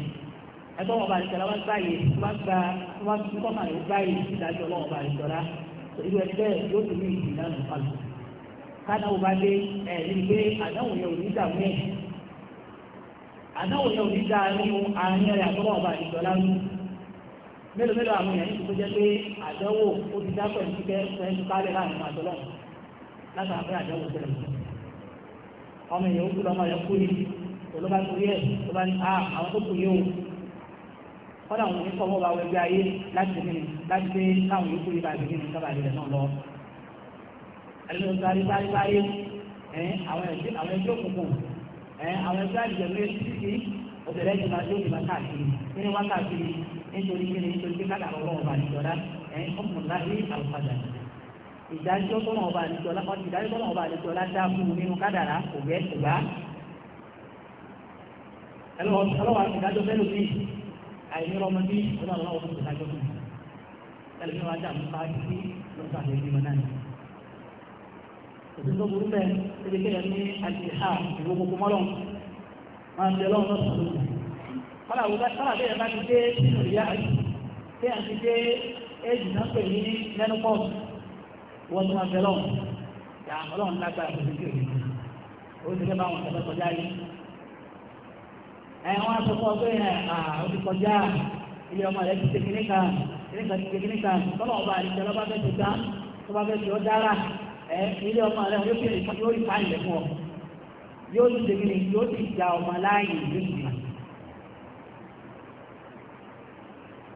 ẹgbẹ́ wọn bá ìṣẹ̀lá wọn gbáyé wọn gba wọn kọ́ máa yóò gbáyé ìdájọ́ wọn bá ìṣọ̀lá irú ẹgbẹ́ yóò tún ní ìdìnnà nìkan lò kánáwó bá dé ẹ̀ ní pé àdáwò yẹn ò ní dààmú ẹ̀ àdáwò yẹn ò ní dààmú àárín ẹ̀rẹ̀ àtọ́wọ́ ọba ìṣọ̀lá lù mélòó mélòó àwọn èèyàn yìí tó jẹ́ pé àdáwò ó ti dákọ̀ ní kíkẹ́ fẹ́ẹ́ kálẹ̀ láàrin àtọ́lọ́ látara pé ọmọ èèyàn ó kú lọ́mọ yẹn kú ni olóbá torí ẹ̀ ló ah, àwọn tó kù yóò kọ́dà wọn ní kọ́mọ́ bá wẹgbẹ́ ayé láti gbé láti gbé káwọn yòókù yìí bá gbé nínú sábà rẹ̀ náà lọ. àlejò sáré sáré sáré ẹ àwọn ẹgbẹ́ àwọn ẹgbẹ́ òkùnkùn ẹ àwọn ẹgbẹ́ àjẹmọ́ títí òbẹ̀rẹ̀ ti máa yóò ti máa káàkiri nínú wá káàkiri nítorí kíni nítorí pé káàkiri àwọn ọmọ ọba àdìjọ́lá ẹ ọmọlá ní àlùfàdà ìdájọ́ tọ́nà ọba àdìjọ́lá ìdájọ́ tọ́nà ọba àdìjọ́lá dá fún nínú kádàrá kò bẹ́ẹ̀ kò bá ẹlọ́wọ́ ìdájọ́ fẹ́ lómi àìnírọ́mọdé ọlọ́run ọ̀hún tó dájọ́ fún mi ẹlẹ́ni wàá dà mí bá títí lọ́sọ̀ àti ẹbí mọ́ náà òtún tó burú bẹ́ẹ̀ ebi kéèyàn ní àjẹsà ìwé gbogbo mọ́lọ́n máa ń bẹ ọlọ́run lọ́sọ̀ lónìí kọ́lá àwùjọ kọ́lá bẹ́ẹ̀ bá ti dé sínú ìyá àjù kéèyàn ti dé éjì náà pè ní lẹ́nu pọ́ọ̀sì wọ́n tún máa bẹ ọlọ́run ẹ̀wọ̀n asọ́kọ̀ pé àwọn ti kọjá ilé ọmọ rẹ̀ ti tẹ̀kínní kan ilé kan ti tẹ̀kínní kan tọ́lọ̀ ọba àdìsẹ́ lọ́ba fẹ́ ti dá lọ́ba fẹ́ ti ọ̀dára ẹ̀ ilé ọmọ rẹ̀ yóò fi yóò rí fáìlì fún ọ yóò ti tẹ̀kínní yóò ti ja ọmọ láàyè ìlú ìgbà.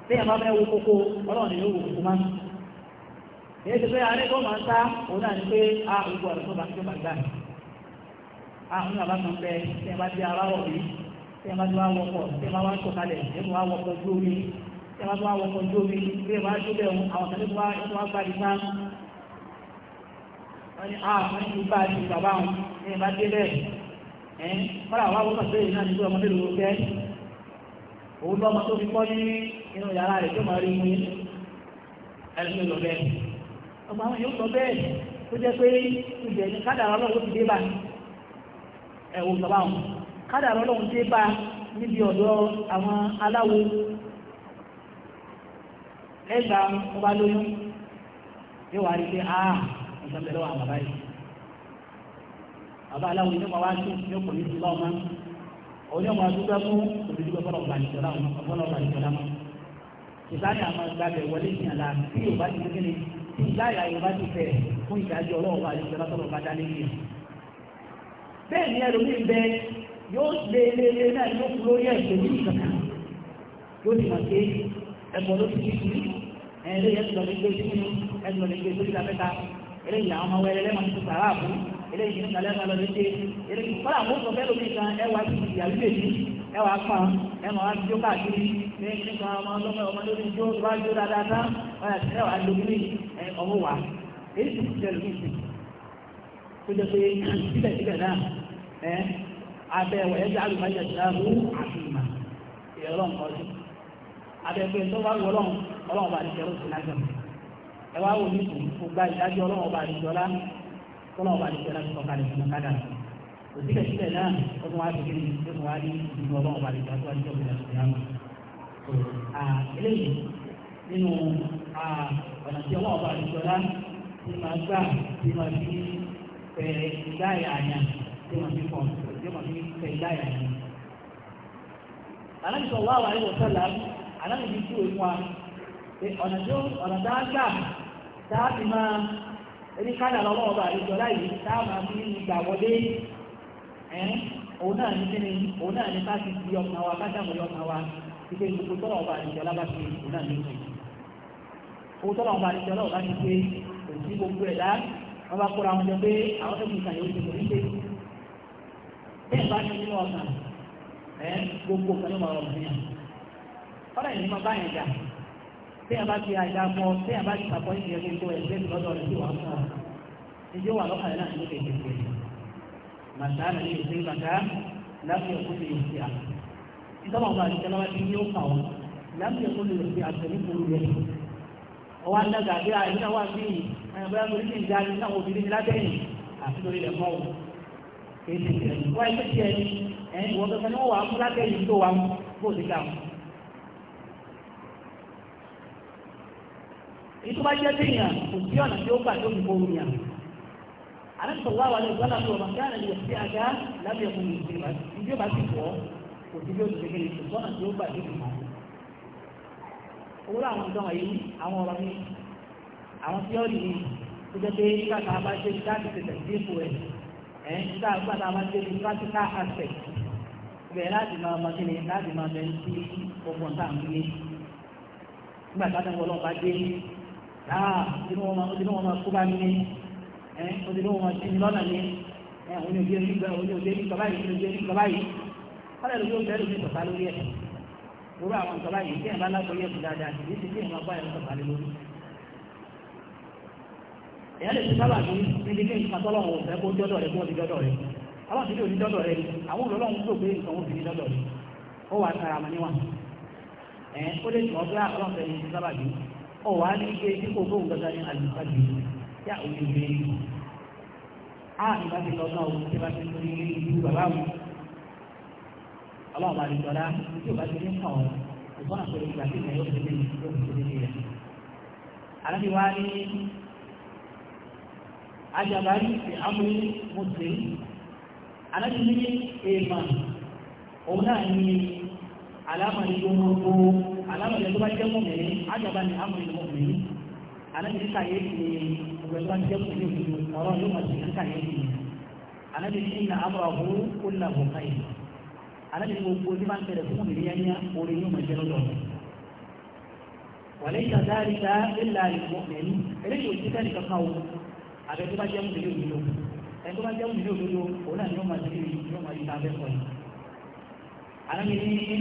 bí ẹ̀ bá fẹ́ wo kókó ọlọ́run yóò wò kó má. èyí ti pé alẹ́ tó máa ń sá òun náà ni pé a ògbó àdúgbò bá ti tó bàgbà. àwọn ọ̀nà bá kan bẹ tí a bá tó wá wọkọ̀ tí a bá wá sọ̀kalẹ̀ tí a bá wá wọkọ̀ ojú omi tí a bá tó wá wọkọ̀ ojú omi bí a bá tó bẹ̀ wọn àwọn tẹ̀lé tó wá tó wá gbàdí sá. wọ́n ní a ah, wọ́n ní bá a ti bàbá wọn ní ìbá dé bẹ́ẹ̀ ẹ̀ kọ́lá wá wọ́kọ̀ pé ìná ní ọmọdé ló fẹ́ òun lọ́mọ kádàrá ọlọ́run dé bá níbi ọ̀dọ̀ àwọn aláwo lẹ́gbà ọba lóyún yóò wá rí pé a ah, ọ̀sán bẹ̀rẹ̀ wà bàbá yìí bàbá aláwo ní wàá tún ní ọkọ̀ yìí bá ọmọ òun yóò máa dúpẹ́ fún òbíjú gbọ́dọ̀ gbà ìjọba ọ̀gbọ́dọ̀ gbà ìjọba mọ́ ìsáyà máa gbàgbẹ́ wọlé ìyànlá tí yóò bá ti ní kíni tí ìdáyà yóò bá ti bẹ̀rẹ̀ fún ìdájọ́ ọlọ́run wà ní ìjọba tọ́lọ̀ bá dá lé yóò lé lé náà yóò kú lórí ẹ̀sẹ̀ ní ìkàkà yóò ti máa ṣe ẹ̀kọ́ ló ti fi sí ẹ̀rẹ́ ẹ̀sùn lè gbé sí inú ẹ̀sùn lè gbé sórí ìlàfẹ́ta eléyìí àwọn ọmọ wẹrẹ lẹ́mọ̀ ti sàrà àbú eléyìí ní ìsàlẹ̀ ẹ̀mọ̀ lọ́dún ṣe eléyìí kọ́lá àwọn oṣù fẹ́ lómi kan ẹwà ti di ìyàwó èyí ẹwà kan ẹmọ wa jó káàkiri nípa ọmọ ọlọ́mọ ọmọ lórí jó wá jó dáadáa tán wọ́n yàtọ̀ ẹwà lómi ọmọ wa èyí ti ti jẹ́ lómi abẹ́ ẹ̀wọ̀ ẹ̀jẹ̀ alùpàjẹ̀ ìdáhù àfihàn ìrọ̀lọ́n kọjú abẹ́ pé tó bá wọlọ́n ọlọ́run bá ní kẹrù sí lájọ ẹ wá wò ní gbogbo ìdájọ́ ọlọ́run bá ní jọlá ọlọ́run bá ní jọlá ti sọ kalẹ̀ sínú kádà kò síbẹ̀ síbẹ̀ náà ó tún wá sí kí ó tún wá ní ìdúró ọlọ́run bá ní jọlá tó wá ní jọlá tó yá eléyìí nínú ọ̀nà tí ọlọ́run bá ní jọlá ti máa gbà ti fi ìgbà ìyà àyà ti máa fi pọ̀ yóò máa fi tẹ ìdáyà ni. alábi sọ wá wàhálà ìwọ̀n sọ̀lá alábi fi tú ìmú wa ọ̀nà tó ọ̀nà tá a gbà tá a fi máa ẹni ká dàrọ ọlọ́wọ́ bá àlejò láyé tá a máa fi gbà wọlé òun náà ní kíni òun náà ní ká ti di ọmọ wa ká dàbọ̀ yọ ọmọ wa ìgbé gbogbo tọ́lọ̀ ọba àlejò lábá ti òun náà ní ìwé owó tọ́lọ̀ ọba àlejò lábá ti pé òun sí gbogbo ẹ̀dá wọn bá kóra wọn jọ pé àwọn tó kù ìkàyè ó ti kò ní pé bẹ́ẹ̀ bá ní nínú ọ̀sán ẹ̀ gbogbo kan ló máa rọrùn fún yàn ọ̀rọ̀ ẹ̀ ní máa bá yàn jà téèyàn bá ti àjà mọ téèyàn bá ti sàkọ́ ìdíyẹ gbogbo ẹ̀ bẹ́ẹ̀ lọ́dọ̀ rẹ̀ sí wàá fún ọ ìjọ wà lọ́kàlẹ̀ náà ló kéde pé màtá nà ní ìṣe màtá láti ẹ̀kọ́ lè ṣe à ìtọ́wọ́ àwọn àti ìjọba ti ní ó kà wọ́n láti ẹ̀kọ́ lè ṣe àtẹ̀lé kúrú rẹ̀ ọwọ́ adága bí i àìsàn wà sí ìyàbọ̀ èdè ìrẹ̀lú wá iṣẹ́ tí ẹni ẹni wọ́n tọ́ta ní wọ́n wà á mú látẹ̀yìn tó wà mú bó ti dà mú. èyí tó bá jẹ́ téèyàn kò sí ọ̀nà tí ó gbà tó fi bóun yàn. àrẹ́sọ̀ wá wà ní ọ̀gbọ́n àti ọ̀mà káà lè fi àga lábẹ́ ẹ̀kún ní ìgbà tí yóò bá ti wọ̀ kò sí bí ó ti ṣe kéde kò sọ́nà tí ó gbà tó fi mọ̀. owó àwọn ìdánwò yìí àwọn ọ̀rọ̀ mi àwọn tí ó rí mi tó jẹ́ pé nígbà ẹ̀ ń dá gbàdá máa ṣe ní practical aspect láti máa kí ni láti máa sí ọgbọ̀n tá à ń gbé nígbà a dẹ̀ wọlọ́ bá dé dáa inú máa kó bá mi ní ẹ̀ na máa ndị mi lọ́nà ní ẹ̀ òun yóò dé ní ìgbà òun yóò dé ní ìgbà yìí òun yóò dé ní ìgbà èyàn lè fi sábà ní níbi ní nǹkan tọ́lọ́wọ́ òfẹ́ kó dọ́dọ̀ rẹ̀ kó ti dọ́dọ̀ rẹ̀ àwọn àti òní dọ́dọ̀ rẹ̀ àwọn olólọ́wọ́ tó pé nǹkan ó fi ní dọ́dọ̀ rẹ̀ ó wà sára mọ́ níwà ẹ̀ ó lè tọ́ bí ọlọ́fẹ́ ní sábà bí ó wà ní ike tí kò gbóhùn gbọ́dọ̀ ní àlùfáàjì yá òní ìgbé a ìbá ti lọ náà òun tí bá ti ní ìlú bàbá mi ọlọ́wọ́ bá ti tọ́lá tí ò bá ti ní kàn ọ́ ìfọ́nà ajabari fi amúrí mọ́tẹ̀ alájúmí èèmà òun náà ni alámàrí gbogbo alámàrí tó bá jẹ́ mọ́mìnrin ajabá ni amúrí mọ́mìnrin alájúmí kàyé ti ọgbẹ̀ tó bá jẹ́ mọ́mìnrin ọ̀rọ̀ yóò máa tẹ̀lé kàyé ti alájúmí ìnà amúràwọ̀ ó là bọ̀ káyé alájúmí gbogbo tí bá ń tẹ̀lé fún mọ́mìnrin yẹn ní orí yóò máa jẹ́ lọ́dọ̀ wàlẹ́ ìtàdáríta ilà ìmọ̀mìnrin eléyìí ò àbẹ tó bá jẹ́ mú nílò nílò ẹni tó bá jẹ́ mú nílò nílò òun náà ni ó máa ti rí ni ó máa rí sáfẹ́ sọ yìí. àlẹ́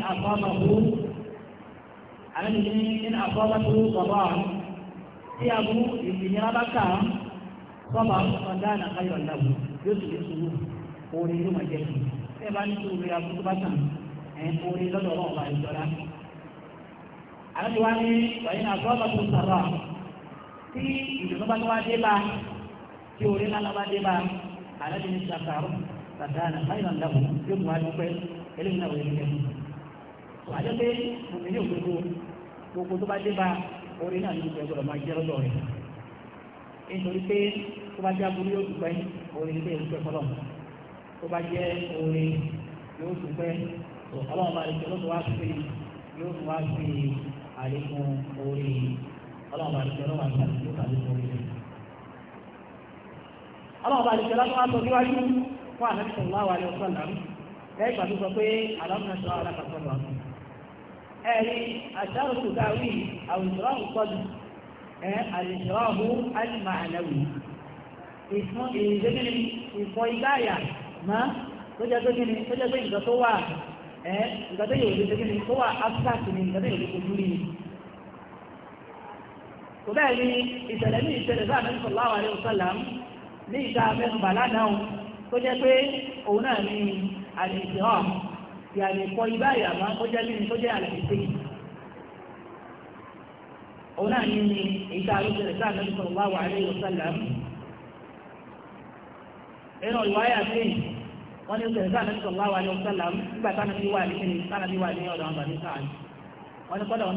ní àfọ́mọ́kú àlẹ́ ní àfọ́mọ́kú bàbá àwọn tí a mú ìgbìyànjú bá kà án sọ́mà ọ̀dá àkàyọ̀ ìlàwọ̀ yóò sì lè sùúrù orin ló máa jẹ́ sí i ẹ bá ní sùúrù ya kó tó bá tàn ẹ̀ orin lọ́dọ̀ ọ̀rọ̀ ọ̀bà ìjọra. àlejò wa ní wàyí náà sọ́mà sàrà tí ìdùnnú tí orí lálábàdé bá alẹ́ ní sàkàrù sàkàrù àìràn dàbò yóò tún wá dúpẹ́ eléyìí náà wọlé nígbà tó àjọ pé mùmí ní òdodo gbogbo tó bá dé bá orí náà ní ìgbẹ́ gbọdọ̀ máa jẹ́ lọ́dọ̀ rẹ̀ nítorí pé tó bá jẹ́ aburú yóò dúpẹ́ orí ní ìlú pẹ́kọ́lọ́ tó bá jẹ́ orí yóò dúpẹ́ ọlọ́run bá rẹ̀ lọ́dọ̀ yóò tún wá sí àlékún orí ọlọ́run bá rẹ̀ lọ́dọ̀ wá sí àlékún orí ọlọ́ọ̀bá àti ìṣẹ́lá tó wá sọ síwájú fún ànábì sallallahu alaihi wasallam lẹ́yìn pàtó sọ pé àlọ́mùnà sọ alákàtọ́lọ́ ẹ̀rí àṣàrùkù dáwì àwùjọ́rọ̀hùn pọ̀jù ẹ̀ àlìṣọ́rọ̀hùn alìmọ̀ànàwì ìfún ìrìnlẹ́gbẹ̀rẹ̀ ìfọ igbáyà má tó jẹ́ pé kíni tó jẹ́ pé ìjọ tó wà ẹ̀ ní ìṣẹ̀lẹ̀ bá ànábì ní ìta mẹ́nubà lánàá o tó jẹ́ pé òun náà ní àlèkè hàn ti àlèkọ ibà ìyàmá tó jẹ́ bí tó jẹ́ àlèkè òun náà ní ìta àlùkò rẹ̀ sáà lọ́dún sọ̀rọ̀ wáwà àlẹ́ ìwòsàlá ẹnu ìwáyà sí wọ́n ní sọ̀rọ̀ sáà lọ́dún sọ̀rọ̀ wáwà àlẹ́ ìwòsàlá nígbà táwọn ti wà ní kíni táwọn ti wà ní ọ̀dọ̀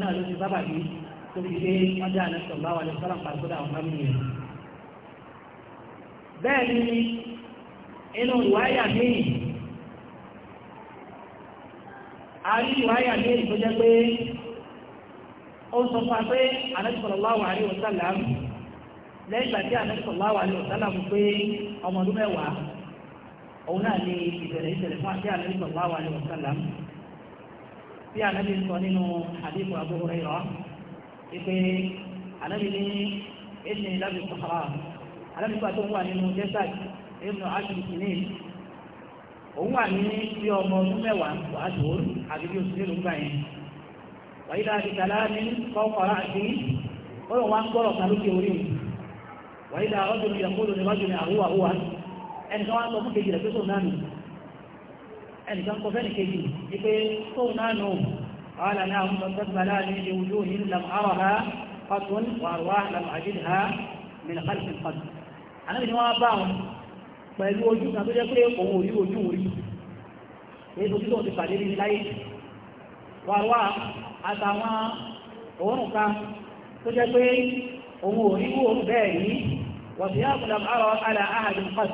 náà ló ti sábà bí tó fi gbé ọjà àlẹ́ sọ̀rọ̀ wáwà àlẹ́ ìwòsàlá pàṣẹ bẹ́ẹ̀ ni inú ìwáyà míì a rí ìwáyà míì tó jẹ́ pé ó sọ fún wa pé Ànábì sallallahu alaihi wasallam lẹ́yìn ìgbà tí Ànábì sallallahu alaihi wasallam pé ọmọ ọdún mẹ́wàá òun náà ni ìbẹ̀rẹ̀ ìṣẹ̀lẹ̀ fún àti Ànábì sallallahu alaihi wasallam tí Ànábì sọ nínú hadith Abu Hurairah ìpè Ànábì ní èsì ìlàbí sọ̀rọ̀ alábìgbà tó ń wà nínú desert ibnu ashur kinin òun wà ní bí ọmọ ọdún mẹ́wàá wàá tó àbí bí oṣù mélòó gbà yẹn wàyí láti kàlá ní kọ́kọ́rọ́ àti ọlọ́run wa ń gbọ́rọ̀ kan lókè orí mi wàyí láti ọdún mi yàgò lónìí wájú mi àhúwà húwà ẹnìkan wá sọ fún kejì rẹ̀ pé tóun náà nù ẹnìkan kọ fẹ́ni kejì ní pé tóun náà nù قال نعم تقبلان لوجوه لم أرها قط وأرواح لم أجدها من خلف القلب ànábì ni wọ́n bá wọn pẹ̀lú ojú kan tó jẹ́ pé òun ò rí ojú rí èyí tó títọ́ ti pàdé ní láyé wàrúwà àtàwọn òórùn kan tó jẹ́ pé òun ò rí òórùn bẹ́ẹ̀ rí wọ̀sí àkùnlẹ̀ àrọ̀ alẹ́ àhàjì pàt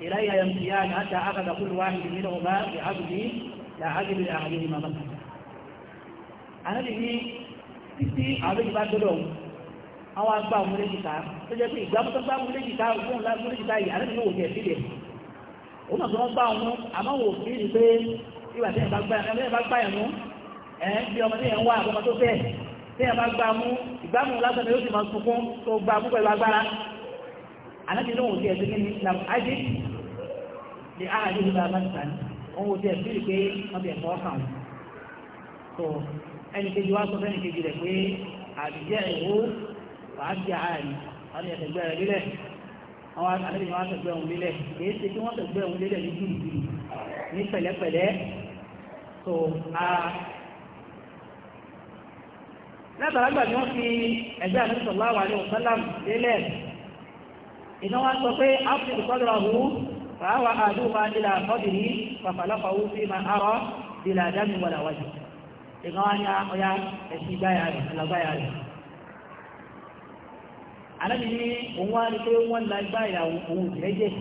إلي يمشيان حتى أخذ كل واحد منهما بعبده لا عجل لأحدهما مثلا أنا بني títí a méjì bá dọ́dọ̀ ọ̀hún àwọn agbá ọmọ anábì lóhùn tí ẹ̀sìn ní islam ajé ní ahàdé ìlú abánistan òun ò tí ẹ̀sìn rí pé wọ́n ti ẹ̀fọ́ kàn wọ́n tó ẹnì kejì wá sọ fẹ́nì kejì rẹ̀ pé àbíjẹ́ ìwó wàá ti àárín àwọn ẹ̀sẹ̀gbẹ́ rẹ̀ lílẹ̀ àwọn anábì wọn sẹ̀gbẹ́ òun lílẹ̀ kìí ṣe kí wọ́n sẹ̀gbẹ́ òun lílẹ̀ ní jùlùjùlù ní pẹ̀lẹ́pẹ̀lẹ́ tó a látàrágbà iná wá sọ pé áfíìsì kọ́dọ̀rọ̀ hù fàáwà àdúgbà ilà kọ́dìrí pàpàlọ́pàá wù sí ma àrọ́ ilà àdámi wàlà wájú ìgbà wá ní ọya ẹ̀sìn ìgbáyà rẹ̀ alágbáyà rẹ̀ alábi ní òun wá ní pé wọ́n la gbáyà òun ìrẹ́jẹ̀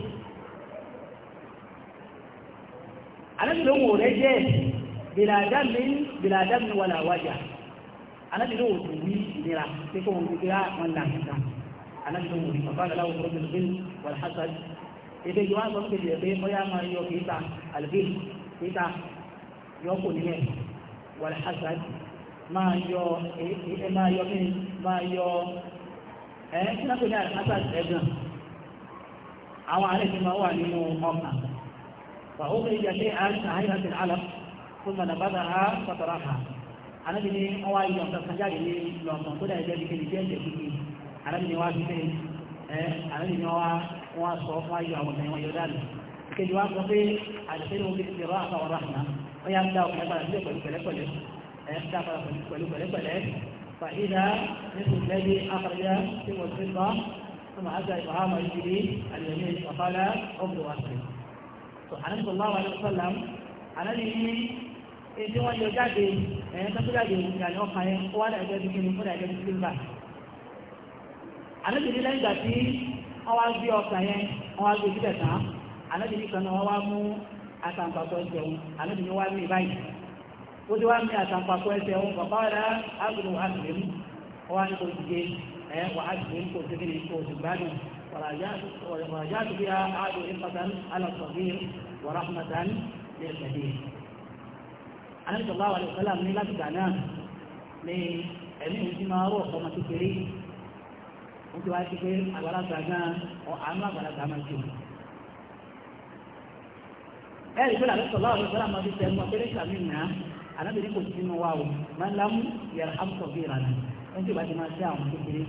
alábi ló ń wò rẹ́jẹ̀ bìlàdámi wàlà wájà alábi ló wò sí ní ìnira pé kó wọn gbé wọn là nǹkan anáṣọ́wòrì ọ̀fáàlẹ̀ láwọn ọ̀rọ̀ bíi wàlhásad ilé yìí wá sọ pé ìdílé pé bóyá máa yọ kéta àlùbíl kéta yọ kò nílẹ̀ wàlhásad máa yọ ẹ máa yọ kí máa yọ ẹ kí náà kò ní àlùhásad ẹ̀gbọ́n àwọn àárẹ̀ ti máa wà nínú ọkàn wà ó kéde ṣe àhírà ti àlọ́ fún mọ̀nàbàdà á pàtàrà ha anábìíní wọn wá yọ ọ̀sán jáde ní lọ́sàn tó dà ẹgbẹ́ bí kéde jẹ́ ẹ̀jẹ̀ kíkì arábìnrin wa fi ẹ arábìnrin wa wọn sọ fún ayọ àwọn ọmọ ìwọ̀n yọdá lù kejì wa sọ pé àdìsẹ́ni wọn fi ti rọ àfàwọn rahma wọn yà dá ọkùnrin padà sílẹ̀ pẹ̀lú pẹ̀lẹ́pẹ̀lẹ́ ẹ dá padà pẹ̀lú pẹ̀lẹ́pẹ̀lẹ́ fàìdá nípa ìlẹ́bí akọ̀rẹ́yà tí wọ́n ti lọ ثم أتى إبراهيم الجلي اليمين وقال عبد واسلم anábìrì lẹ́yìn ìgbà tí wọ́n wá gbé ọkà yẹn wọ́n wá gbé síbẹ̀ tán anábìrì kan náà wọ́n wá mú àtàǹpàkò ẹsẹ̀ òun anábìrì wá ní ìbáyìí ó ti wá ní àtàǹpàkò ẹsẹ̀ òun bàbá rẹ̀ ágùn wà sí ẹ̀mú wọ́n wá ní kò dìde ẹ̀ wà á dìde kò sí kíni kò sí gbádùn wàràjá tó bí aájò ìfàtàn ó ti wá sí pé àgbàlagbà náà àánú àgbàlagbà máa jù ẹ̀rì pé làbẹ́sọ̀ láwọn ọ̀dọ́ sọ́lá máa fi tẹ̀ mọ́ pẹ́lẹ́ ìsàmì náà anábìrin kò sí inú wa o máa ń lámú yàrá àmúsọ̀ bí ìrànà ó ti wá ti máa ṣe àwọn kékeré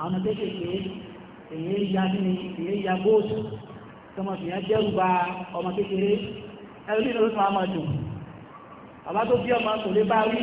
àwọn kékeré èyí ya nínú èyí ya góòtù tọmọ fìyà jẹ́rù bá ọmọ kékeré ẹ̀rọ nínú ló tún máa dùn bàbá tó bí ọmọ kò lè bá rí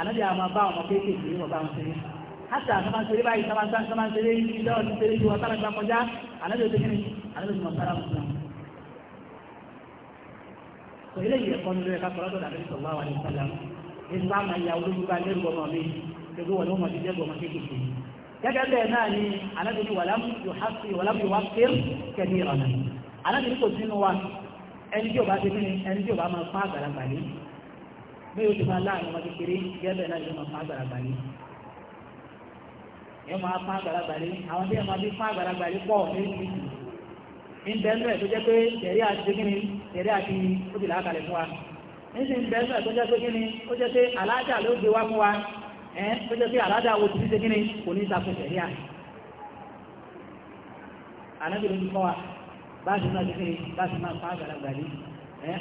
ànábì àwọn máa bá àwọn ọmọ kéékèèké ní ọ̀bá wọn ṣeré hátà sábà ń ṣeré báyìí sábà ń sábà ń ṣeré ìjọ ti ṣeré ju ọ̀tá mẹ́ta kọjá ànábì ó ti kí ni ànábì ó ti mọ̀ sára wọn sùn. sọ eléyìí ẹ̀kọ́ nínú ẹ̀ka sọ̀rọ̀ dàbí sọ̀rọ̀ àwọn àlejò sálà nígbà máa máa ya olójú bá lérú ọmọ mi gbogbo wọn ni wọn ti jẹ́gbọ́ ọmọ kéékèèké gẹ́gẹ́ bẹ́ẹ̀ náà ni ànábì ní wàlámù yóò hásì wàlámù yóò wá kér kẹ́ni ìrànà ànábì kò sínú wa ẹni tí ò bá ti kí ẹni tí ò bá máa fún àgbàlagbà ní bí o ti máa láàrin ọmọ kékeré gẹ́gẹ́ náà yóò máa fún àgbàlagbà yìí yóò máa fún àgbàlagbà yìí àwọn tí yóò máa fi fún àgbàlagbà yìí pọ̀ ní ìlú ìbẹ̀rẹ̀ tó jẹ́ pé tẹ̀rí àti kíni tẹ̀rí àti ó ti làákàlẹ̀ fún wa níṣẹ́ ìbẹ̀rẹ̀ tó jẹ́ pé kíni ó jẹ́ pé alájà ló gbé wá fún wa ẹ̀ tó jẹ́ pé alájà wo ti ṣe kíni kò ní ìtakùn fún àgbàlagbà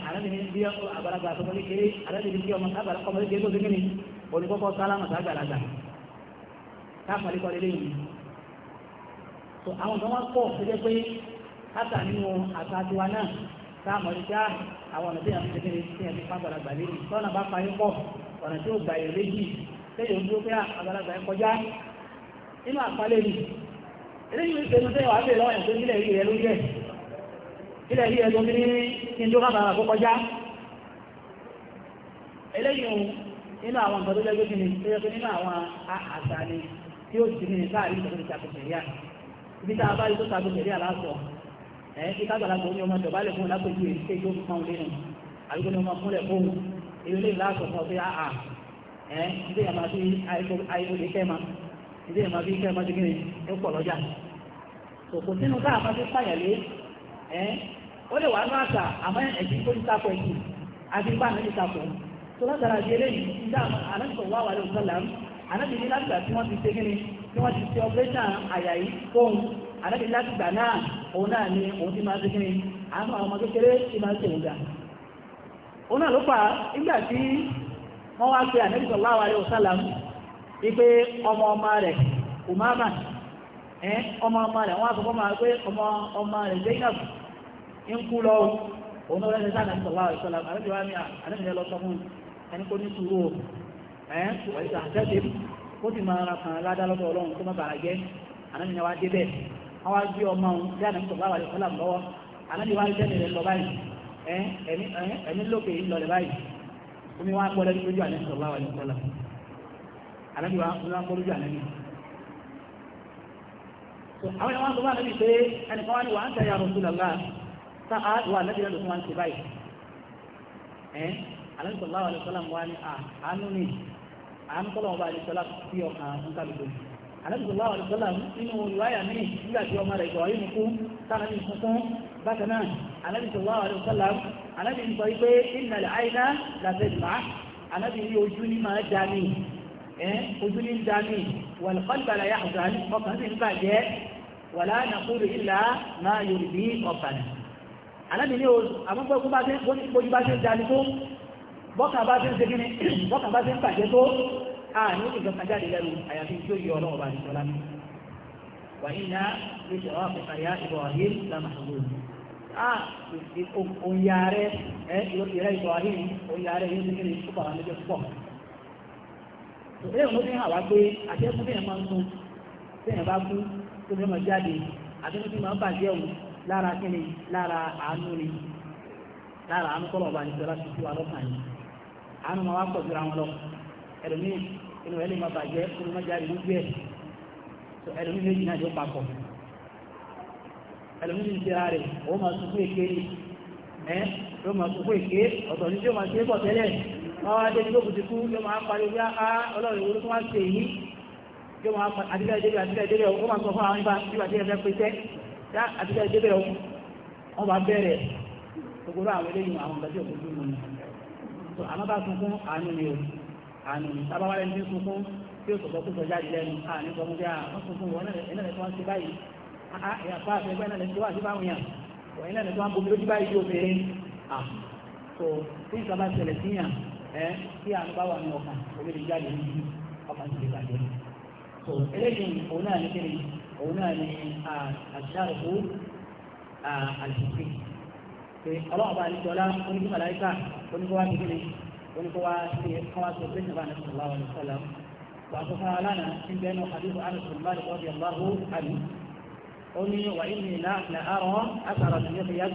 alábìnrin bí àgbàlagbà àtọmọdé kéré alábìnrin bí ọmọ sábà ọmọdé kéré tó ti kíni olùkọ́kọ́ sálámà ságbàlagbà káàpàlẹ́ kọ́ lélẹ́yìn yìí tó àwọn kan wá pọ̀ tó jẹ́ pé káàtà nínú àtàtiwa náà táàmù ọdún já àwọn ọ̀nà tí a fi ṣe kíni tí a fi fá àgbàlagbà lẹ́yìn tọ́nà bá parí pọ̀ ọ̀nà tí ó gbà yẹn léjì lẹ́yìn ojú pé àgbàlagbà ẹ kọjá nínú àpálẹ́ mi eléyìí ń ṣe ní sẹ́yìn wàá bèèrè lọ́wọ́ ẹ̀ ilẹ̀ yìí ẹ̀dùn ní ìjọ bàbà àkókọjá eléyìn nínú àwọn nǹkan tó jẹ́ gbé kíni tó nínú àwọn àṣà ni tí ó sì ní káàrí ìtọ́jú ìtàkùnṣe ríà ibi tá a bá rí tó tàkùnṣe ríà lásọ ẹ̀ kí kágbàlagbà omi ọmọ ìjọba lè fún lápẹjú èyí tí ó fi pọ́n lẹ́nu àbíkó ni ọmọ fúnlẹ̀ fóun èyí lè lásọ fún ọ pé àà ẹ̀ ilé yàrá bí ayélujára kẹ́ẹ̀ma ilé yàrá bí kẹ́ẹ̀ma ti kíni ẹ́ ó lè wà ní àṣà àmọ́ ẹ̀sìn tó ti takọ̀ ẹ̀sìn àmì tó látara di eléyìí nígbà anáṣọ wà wà látìgbà tí wọ́n ti ṣe kíni tí wọ́n ti ṣe ọpẹ́ṣàn àyà yìí fóun anábì látìgbà náà òun náà ni òun ti máa ṣe kíni àmọ́ àwọn ọmọ kékeré ti máa ṣe òun náà ló nígbà tí wọ́n wá pe wà wípé ọmọ ọmọ rẹ̀ ọmọ ọmọ ń kú lọ òun náà lẹ́sẹ̀ sáà nàìjíríà wàhálà ìṣọ́lá àrẹ́bí wa ní àrẹ́bí lọ sọ fún ẹni kó ní sùúrù o ẹ̀ wọ́n ti àtẹ́sẹ̀ ó sì máa ra kàn ládá lọ́dọ̀ ọlọ́run tó má bàrà jẹ́ àrẹ́bí wa dé bẹ́ẹ̀ wọ́n wá gbé ọmọ òun dé àrẹ́bí wàhálà ìṣọ́lá lọ́wọ́ àrẹ́bí wa jẹ́ nìyẹn lọ báyìí ẹ̀mí lókè yìí lọ báyìí omi wa gbọ́dọ̀ lójú àrẹ́bí wàhálà ìṣọ́lá àrẹ́bí wa gbọ́dọ̀ lójú àrẹ́bí àwọn ìwọ̀n tó bá lẹ́bi pé ẹnìkan wá ní wà á tẹ̀yà rọ̀ sáà wà lẹ́bí lọ́dún tó máa ń ṣe báyìí ẹ́ alẹ́sọ̀lá wà lẹ́sọ̀lá wà ní àánú ni àánú kọ́lọ̀ wà lẹ́sọ̀lá sí ọkàn nkàlùkù alẹ́sọ̀lá wà lẹ́sọ̀lá nínú olùwáyà ní nígbà tí ọmọ rẹ̀ ìgbọ̀wá yìí kú sáà ní funfun bákan náà alẹ́sọ̀lá wà lẹ́sọ̀lá alẹ́bí ń sọ pé ìnàlẹ̀ àyíná làbẹ́ ìgbà alẹ́bí ní ojú ní máa já ní ẹ́ ojú ní já ní wàlúkọ́lùbàlà yà ọ̀gá ọkàn sì ń bàjẹ́ wàlá nàkúrò ìlà máa yorùbí ọ̀bàlà alábi ní oṣù àmúgbọ́gbọ́ bá ṣe bójú bá ṣe ń dání tó bọ́kà bá ṣe ń ṣe gíní [CLEARS THROAT] bọ́kà bá ṣe ń pàṣẹ tó a ní oṣù ìjọba jáde lẹ́nu àyàfi tí ó yọ ọlọ́wọ́ bá nìṣọ́lá ní wà ní ìyá ló ṣe ọwọ́ àpẹẹrẹ ìbọn ayé lámà àgbò a òyà rẹ ẹ ìrẹ ìbọn ayé òyà rẹ yóò ṣe gíní ó bá wà lójú pọ̀ ìrẹ́ ìmúdé hàn wá lára kíni lára àánú ni lára àánú kọ́lọ̀ ọba nìjọba ti tú alọ́kàn yìí àánú máa wá pọ̀ jura wọn lọ ẹlòmíì inú ẹ̀ lè má bàjẹ́ kó ló má jáde lójú ẹ̀ tó ẹlòmíì méjì náà yóò papọ̀ ẹlòmíì ti ra rẹ̀ òun máa sunkún èké ni ẹ́ yóò máa sunkún èké ọ̀tọ̀ ní tí yóò máa ṣe é pọ̀ tẹ́lẹ̀ wọ́n wá dé tó kù ti kú yóò máa pariwo bí a ọlọ́run ìwúrú tó wá ṣe èyí yóò máa àdílẹ̀ ìdílẹ̀ àdílẹ̀ ìdílẹ̀ ó máa sọ fún àwọn ibà tí ìbàdí ẹ̀ fẹ́ pèsè dá àtijọ́ ìdébẹ̀ o wọ́n bá bẹ̀rẹ̀ gbogbo àwọn eléyìí àwọn nǹkan tí òkú dùn nínú so àmọ́ bá sunkún àánú ni o àánú ni sábà wálé ní sunkún tí ó sọ̀tọ̀ kúsọ̀ jáde lẹ́nu àánú sọ fún bí wọ́n sunkún wọn iná rẹ̀ tí wọ́n ti báyìí àyàfà àfẹ́gbẹ́ náà lè ti wá sí báwọn yàn wọ́n iná rẹ̀ tí wọ́n bomi lójú báyìí yóò fèrè à so tí nǹkan bá ṣẹlẹ̀ sí yàn ẹ́ tí àánú bá wà ní ọkàn omi lè jáde ní ọkàn ti òun náà ni àṣàrùkú àlùfíì pé ọlọ́ọ̀bá àlejòọ́lá oníkí màláìkà oníkọ́wá kékeré oníkọ́wá ṣe kọ́wá tó pé nàbà nàbà sọ̀rọ̀ àwọn ọ̀sọ̀lá wà tó fún aláàna tí ń bẹ́ẹ̀ náà àdúgbò àrùsùn bá lọ́wọ́ bí ọlá hó àlù ó ní wà ìlú ìlà ìlà àrọ̀ àtàrà tó yẹ yá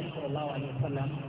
pé kọ́dọ̀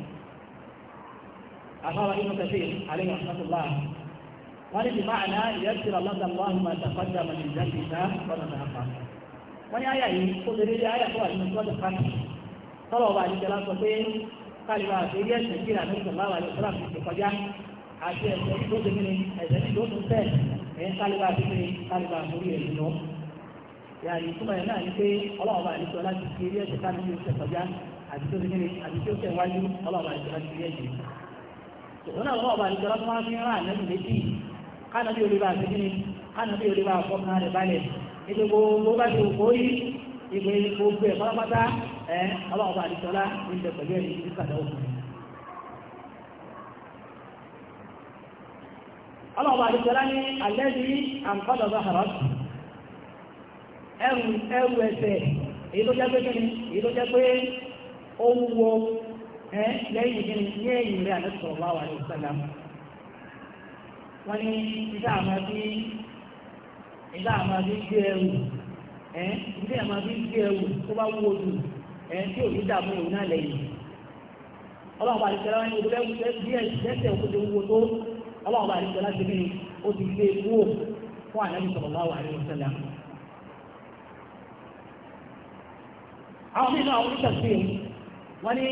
أشار ابن كثير عليه رحمة الله قال بمعنى يسر لك الله ما تقدم من ذنبك وما تأخر wọ́n ní àyà yìí ó lè rí àyà tó wà nínú sọ́dọ̀ fáńtì tọ́lọ̀ ọba àdìjọba sọ pé kálíwá àtẹ̀rí ẹ̀sẹ̀ kí ìlànà ìṣọ̀lá wà lọ́sọ́lá fi ti kọjá àti ẹ̀sẹ̀ tó ti kiri ẹ̀sẹ̀ tí ó tún tẹ̀ ẹ̀ ń kálíwá àti kiri kálíwá àmórí ẹ̀ lọ. ìyá yìí túmọ̀ ẹ̀ náà ni pé ọlọ́ọ̀ba àdìjọba ti kiri ẹ̀sẹ̀ kálíwá àti tó ti kiri àti tó tẹ̀ wájú ọlọ́ọ̀ba àdìjọba ti kiri ẹ̀sẹ̀ òun náà lọ́wọ́ bá tó fi rán ànábì létí kánàbí olè bá àti kíni kánàbí olè bá fọkàn rẹ̀ balẹ̀ ètò gbogbo bá ti kó yí ìgbé gbogbo ẹ̀ pátápátá ẹ̀ ọlọ́wọ́ bá ní jọlá ní pẹ̀lú ẹ̀ ní alẹ́ bí àǹkọ́dọ̀ bá ẹrù ẹsẹ̀ èyí jẹ́ pé lẹ́yìn kí ni lẹ́yìn rẹ̀ àti sọ̀rọ̀ wà ní ìsẹ́lẹ̀m wọ́n ní ìdá àmà bí ìdá àmà bí gbé ẹrù ẹ̀ ìdá àmà bí gbé ẹrù tó bá wúwo tí ò ní dààmú òun náà lẹ́yìn àdìsẹ́lá wọn ní wúwo tó àdìsẹ́lá ti bí ti gbé wúwo e fún wà ní àwọn mìíràn àwọn ní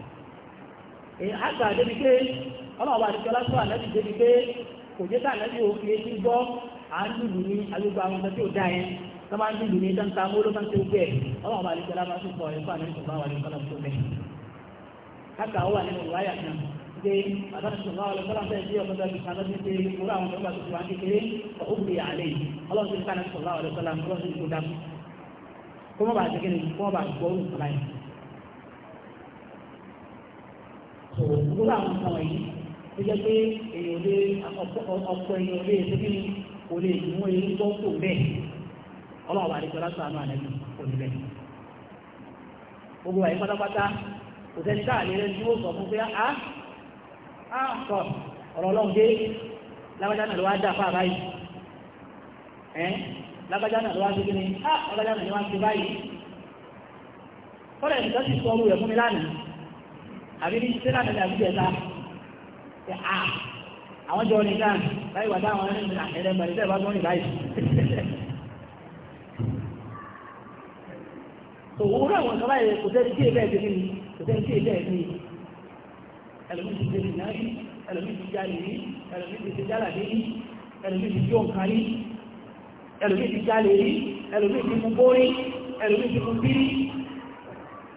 àgbà débi pé ọlọ́ọ̀bà àti ọlá sọ ànábì débi pé kò jẹ́ sáà ànábì òfin etí gbọ́ à ń lùlù ní alúgbà àwọn ọmọdé tí ó dá yẹn tó máa ń lùlù ní dáńtà mọ́ló máa ń tó gbẹ ọlọ́ọ̀bà àti ọlá máa ń ẹ̀kọ́ ànábì sọ̀rọ̀ àwọn àdìsọ́lá tó lẹ̀ ó wà nínú ìwáyà kan pé àtàkì sọ̀rọ̀ àwọn ọlọ́ọ̀bà fẹ́ bí ọ̀pọ̀ tàbí kan lọ́dún pé orí àwọn ọmọdé tó wá kékeré ó bùrì àlẹ́ yìí ọlọ́ọ̀bà àti sọ̀rọ̀ àwọn ọlọ́ọ̀bà fẹ́ bí ọ̀pọ̀ tàbí kan lọ́dún pé orí àwọn ọmọdé tó wá kékeré ó bùrì àlẹ́ yìí ọlọ́ọ̀bà àti sọ̀rọ̀ àwọn sọ̀rọ̀ àwọn ọlọ́ọ̀bà fẹ́ bí ọ̀pọ̀ tàbí kan lọ́dún pé orí àwọn ọmọdé tó wá kékeré ó bùrì àlẹ́ yìí ọlọ́ọ̀bà àti yìí tó wúlò àwọn ọmọ yìí tó jẹ́ pé èèyàn lé ọ̀pọ̀ èèyàn lé ètò bí kò lè mú èyí tó kò bẹ́ẹ̀ ọlọ́wọ́ àdìsọ́ lásán àánú ànẹ́bí kò ní bẹ́ẹ̀. gbogbo àyè pátápátá kò sẹ́ni káàlì rẹ̀ tí ó sọ fún pé á á sọ ọ̀rọ̀ ọlọ́run dé lágbájá náà ló wá dá fáà báyìí ẹ́ lágbájá náà ló wá sí kíni á lágbájá náà ló wá sí báyìí. kọ́lẹ̀ ìtọ́sí sọ ọrú rẹ̀ fún mi lánàá àbí ní sílá àtàlẹ́ àbí jẹta ṣe à àwọn jọ ní dáhùn báyìí wà dáhùn ẹni ní àtẹ̀lẹ́ bàtí sẹ́ẹ̀ bá tó ní báyìí. tó wọ́n rẹ̀ wọ̀n sọ́bàá yẹn kò sẹ́ni tí èbẹ́ẹ̀ ti ní kò sẹ́ni tí èbẹ́ẹ̀ ti ní ẹlòmí ti tẹ̀lé náà rí ẹlòmí ti jalè rí ẹlòmí ti ti jálà dé rí ẹlòmí ti jó nǹkan rí ẹlòmí ti jalè rí ẹlòmí ti mú bórí ẹlòmí ti mú bírí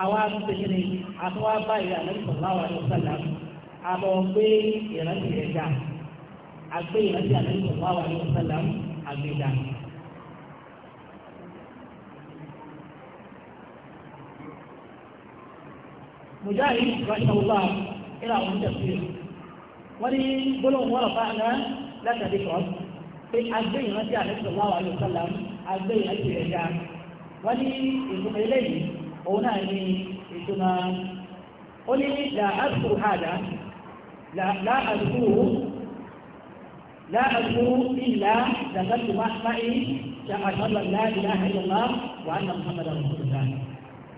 àwa àtúnṣe ní àtúwá bá ìyá àlẹ́sọ̀ láwà ní ọ̀sálà àbọ̀ pé ìrántí rẹ̀ dà àgbé ìrántí àlẹ́sọ̀ láwà ní ọ̀sálà àgbé dà. mujahid rahimahullah ila àwọn tafsir wọ́n ní gbólóhùn wọ́n rọ̀fà náà látàdé kan pé àgbé ìrántí àlẹ́sọ̀ láwà ní ọ̀sálà àgbé ìrántí rẹ̀ dà wọ́n ní ìgbìmọ̀ eléyìí òun náà ní ìtumọ̀ ó ní làásùrù hàdá làásùrù làásùrù ìlà dàgbàtù máì ṣe àṣàlọ láìlá àìlọ́lá wà ní muhammad rasulullah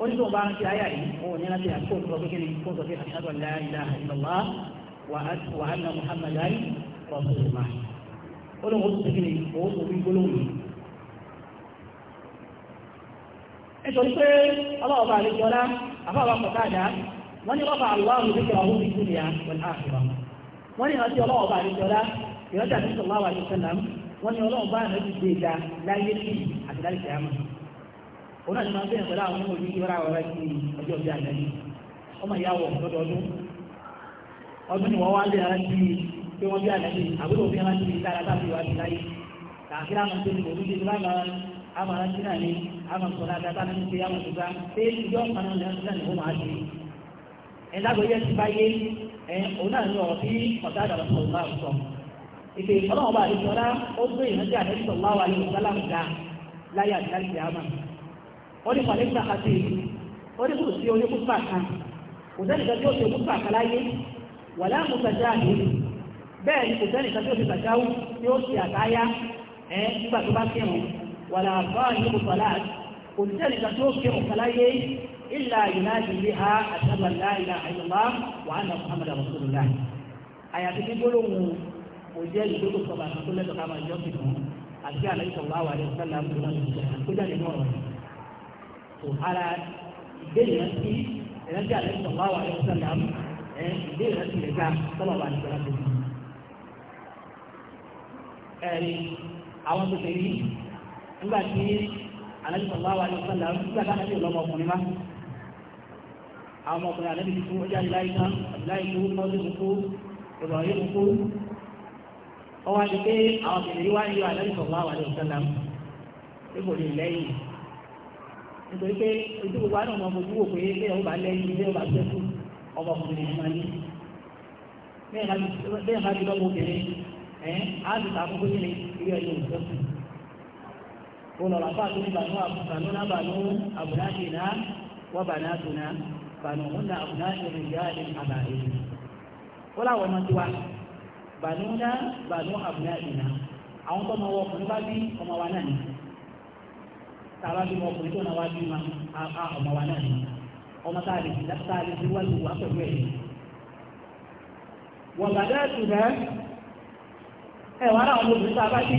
ó ní tó bá ń ṣe àyà yìí òun ní láti àkókò tó sọ pé kó sọ pé àṣàlọ láìlá àìlọ́lá wà ní muhammad rasulullah ó lóun ó ti sọ pé òun kò rí gbólóhùn yìí nítorí pé ọlọ́ọ̀bà àlejọ́lá àfáàbà kọ̀tàdá wọ́n ní rọ́bà aláwọ̀ nígbà ọ̀hún ní dúnìyà wọn àfihàn wọ́n ní rántí ọlọ́ọ̀bà àlejọ́lá ìrántí àti sọ̀láwà àlejọ́lám wọ́n ní ọlọ́ọ̀bà àlejò gbé ga láyé sí àti láyé sí àmà òun náà ni máa ń bẹ̀rẹ̀ pẹ̀lú àwọn onímọ̀ yìí rárá ọ̀rá sí ọjọ́ bí àná ọmọ ìyá wọ̀ lọ́dọọdún ọdún ni wọ́n wá lé ara sí pé wọ́n bí àná sí àbúrò bí wọ́n ti lára tábìlì wá sí láyé kàkiri àmọ́ tó ní òun ti lára àmà rántí náà ni àmà sọ̀rọ̀ àgbàtà náà ní pé àmà tó gbá pé ìjọ kan náà lẹ́nu náà ni wọ́n máa ṣe ẹ̀ lágbóyè ti bá yé ẹ̀ òun náà ní ọ̀rọ̀ tí ọ̀tá àdàbà sọ̀rọ̀ bá sọ ìpè ọlọ́run bá àdéjọ ọlá ó gbé ìrántí àdéjọ láwà ní ìsálàmù dá láyé àti láti àmà ó ní pàdé gbà kàtì ó ní kò sí oníkùsùpà kan kò tí ó ṣe kùsùpà kan láyé wà láàmú sàjá àdéjọ bẹ́ẹ̀ ni kò tí ó ṣe sàjáwù tí ó ṣe àtáyá ẹ̀ nígbà tó bá kírun wàlá àfáàyè mùsàlá kò sí ẹnìkan tó ké òkàláyé ilà ìlàjì ilé ha àtàbàlá ilà àyùmá wà ánà muhammad rasulullah àyàfi ní gbólóhùn kò jẹ́ ìgbókò sọ̀bà tó lẹ́tọ̀ ká máa jọ́ fìfún àti àlẹ́ ìṣọ̀lá wà ní ọ̀sán láàmú ìlànà ìṣẹ̀lẹ̀ tó jáde náà rẹ̀ tó ara ìgbéyìí rántí ìrántí àlẹ́ ìṣọ̀lá wà ní ọ̀sán láàmú ìdí ìrántí rẹ̀ ká sọ́lọ̀ wà ní ìṣẹ̀lẹ̀ tó jáde. ẹ̀rí àwọn tó ṣe yìí nígbà tí anabi sallallahu alaihi wasallam nígbà tí anabi ọlọmọ ọkùnrin má àwọn ọmọkùnrin anabi ti kú ọjà ìlà ìtàn ìlà ìlú mọ́tò kúkú ìbọ̀wé kúkú ọwọ́ àti pé àwọn obìnrin wá ń yọ anabi sallallahu alaihi wasallam níbo ni lẹ́yìn nítorí pé ojú gbogbo àwọn ọmọ ojú wò pé bí ọba lẹ́yìn bí ọba sẹ́kù ọmọkùnrin ni máa ní bẹ́ẹ̀ bá ti lọ́mọ obìnrin ẹ̀ á ti ta àkókò nílé ilé ẹ̀yọ́ ìjọsìn olọ̀rọ̀ apá tó ní bànú àbùkànúná bànú àbùdájìnà wọ́n bàná àtúná bànú múnà àbùdájìnà ìyá àdín àbàrí ó láwọn ọmọ tiwa bànú ná bànú àbùdájìnà àwọn tó mọ ọkùnrin bá bí ọmọ wa náà ni tàbá bí ọkùnrin tó náà wá bí ọmọ wa náà ni ọmọ táàlì táàlì tí wọ́n lù wá pẹ̀lú ẹ̀ wọ̀n bàdá àtúná ẹ̀ wọ́n náà wọn lóbi tá a bá ti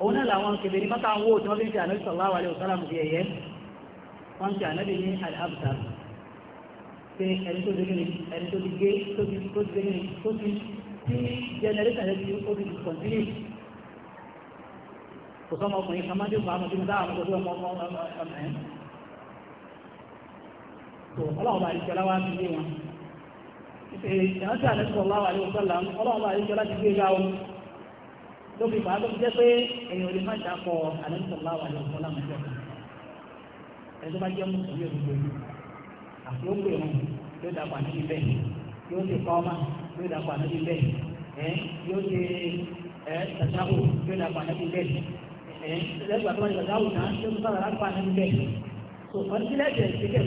òun náà làwọn kèbèrè mọ́ta ń wó tí wọ́n fi ń ṣe ànábì sallallahu alaihi wasallam sí ẹ̀yẹ wọ́n ṣe ànábì ní àdáàbùtà pé ẹni tó dé ní ẹni tó ti gé tó ti ní tó tí generation rẹ̀ ti ó ti kọ̀ntínú kò sọ́mọ ọkùnrin kan máa ń dé fún àwọn ọmọ ọmọ ọmọ ọmọ ẹ̀ tó ọlọ́run bá wá sí ilé wọn ló fi fàá tó fi jẹ́ pé èèyàn lè má dákọ̀ àlẹ́sọ̀lá wà ní ọ̀pọ̀ lámàjọ ẹni tó bá jẹ́ mùsùlùmí òdodo àti ó pè wọn yóò dákọ̀ àti ibẹ̀ yóò ṣe kọ́ọ́mà yóò dákọ̀ àti ibẹ̀ ẹ yóò ṣe ẹ tàṣàwò yóò dákọ̀ àti ibẹ̀ ẹ lẹ́gbàá tó bá jẹ tàṣàwò náà yóò tún sábà lápá àti ibẹ̀ tó ọ̀nìkílẹ̀ jẹ̀ ṣẹ́kẹ̀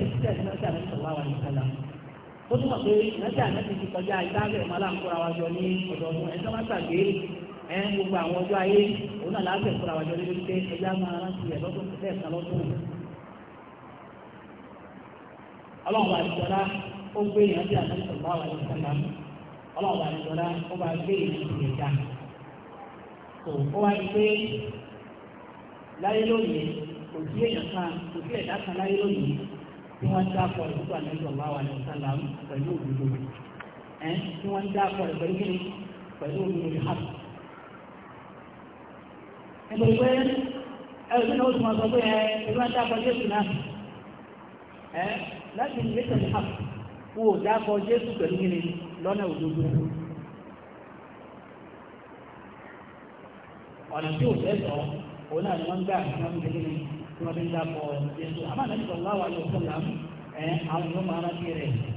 ṣẹ́kẹ̀ ẹ̀ ń gbogbo àwọn ọjọ́ ayé òun náà láti ẹ̀kọ́ àwọn lórí pé ẹja máa rántí ẹ̀ lọ́tún lẹ́ẹ̀kan lọ́tún. ọlọ́run bá àdìjọ́lá ó gbé bí wà ọlọ́run bá ó bá gbé ó wá láyé lónìí kò sí èèyàn kan kò sí ẹ̀dá kan láyé lónìí tí wọ́n wà nítorí pé ẹ̀rù tí na sọ pé ẹ ìlú na, kọ Jésù náà ẹ láti ilé tẹ̀lé àpò kó o dá Jésù pẹ̀lú yìí lọ́nà òdodo ọ̀nà tí ò tẹ́sọ̀ òun náà ni wọ́n gbà tí wọ́n fi wọ́n fi ń Jésù làm àwọn yóò máa rántí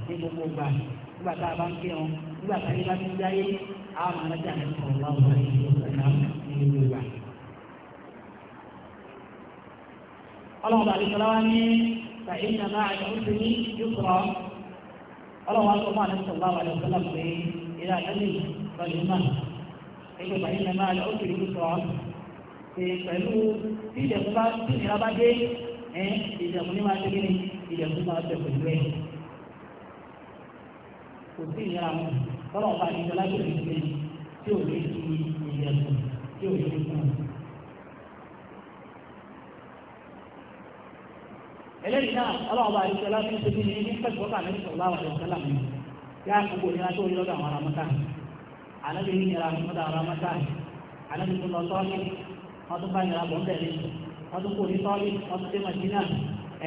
ní gbogbo gbà a bá ń ọlọ́wọ́ àdìsọ́lá wá ní fàyínà máa yọ oṣù ní yusra ọlọ́wọ́ àti ọmọ àdìsọ́ bá wà lọ́sọ́lá pé ìlà àdìsọ́ lọ́lẹ̀ mọ́ ẹgbẹ́ fàyínà máa yọ oṣù ní yusra ṣe pẹ̀lú tí ìdẹ̀kùn bá tí ìdẹ̀kùn bá lè fi ìdẹ̀kùn tí ò lè fi fún eléyìí náà ọlọ́ọ̀bá àdìsẹ́ láti ṣe bí ní pẹ̀sìkọ́tà ní ìṣọ̀lá àwọn ìṣọ̀lá mi yá gbogbo ìlera tó rí lọ́dọ̀ àwọn aramọ́ta ànábi ní ìlera lọ́dọ̀ aramọ́ta ànábi tó lọ sọ́ọ́lì wọ́n tún bá ìlera bọ̀ ń tẹ̀lé wọ́n tún kò ní sọ́ọ́lì wọ́n tún dé màdínà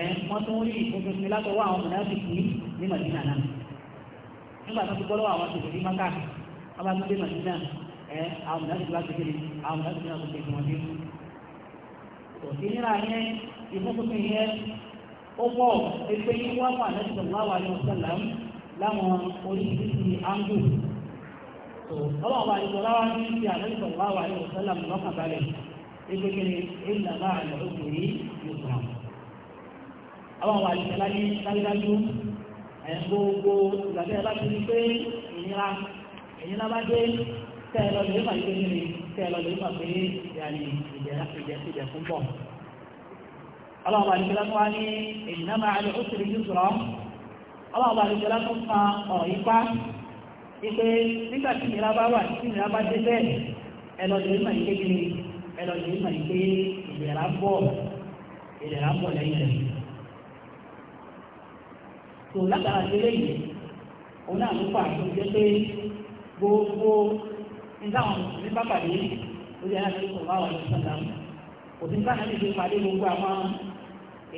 ẹ̀ wọ́n tún rí ìfúnfin látọwọ́ àwọn mọ̀nàfìkì ní màdínà náà nígbà tó ti gbọ́dọ̀ àwọn tòkòtì mọ́ta wọ́n bá tún dé màdínà ẹ̀ àwọn ó pọ̀ pé yí wá wà lẹ́sẹ̀ láwà ní ọ̀sẹ̀lá láwọn oríṣiríṣi áńgù ọlọ́wọ́ bá ìjọ láwà ní ti àlẹ́sẹ̀ láwà ní ọ̀sẹ̀lá lọ́kànbalẹ̀ ẹgbẹ́ kiri ìlà bá àlẹ́ òkèrè yóò àwọn àwọn àlejò láyé dájúdájú gbogbo ìgbàgbé bá ti di pé ìnira ìnira bá dé tẹ́ ẹ lọ lè fà yí pé kiri tẹ́ ẹ lọ lè fà pé ìyàní ìjẹ́ fún ọlọ́ọ̀bà àdìsọ́lá wá ní innama al usri yusra ọlọ́ọ̀bà àdìsọ́lá tó fa ọ̀rọ̀ ipá ipe nígbà tí bá wà tí ìnira bá dé bẹ́ẹ̀ ẹlọ́dẹ̀ ìmọ̀ ìké kiri ẹlọ́dẹ̀ na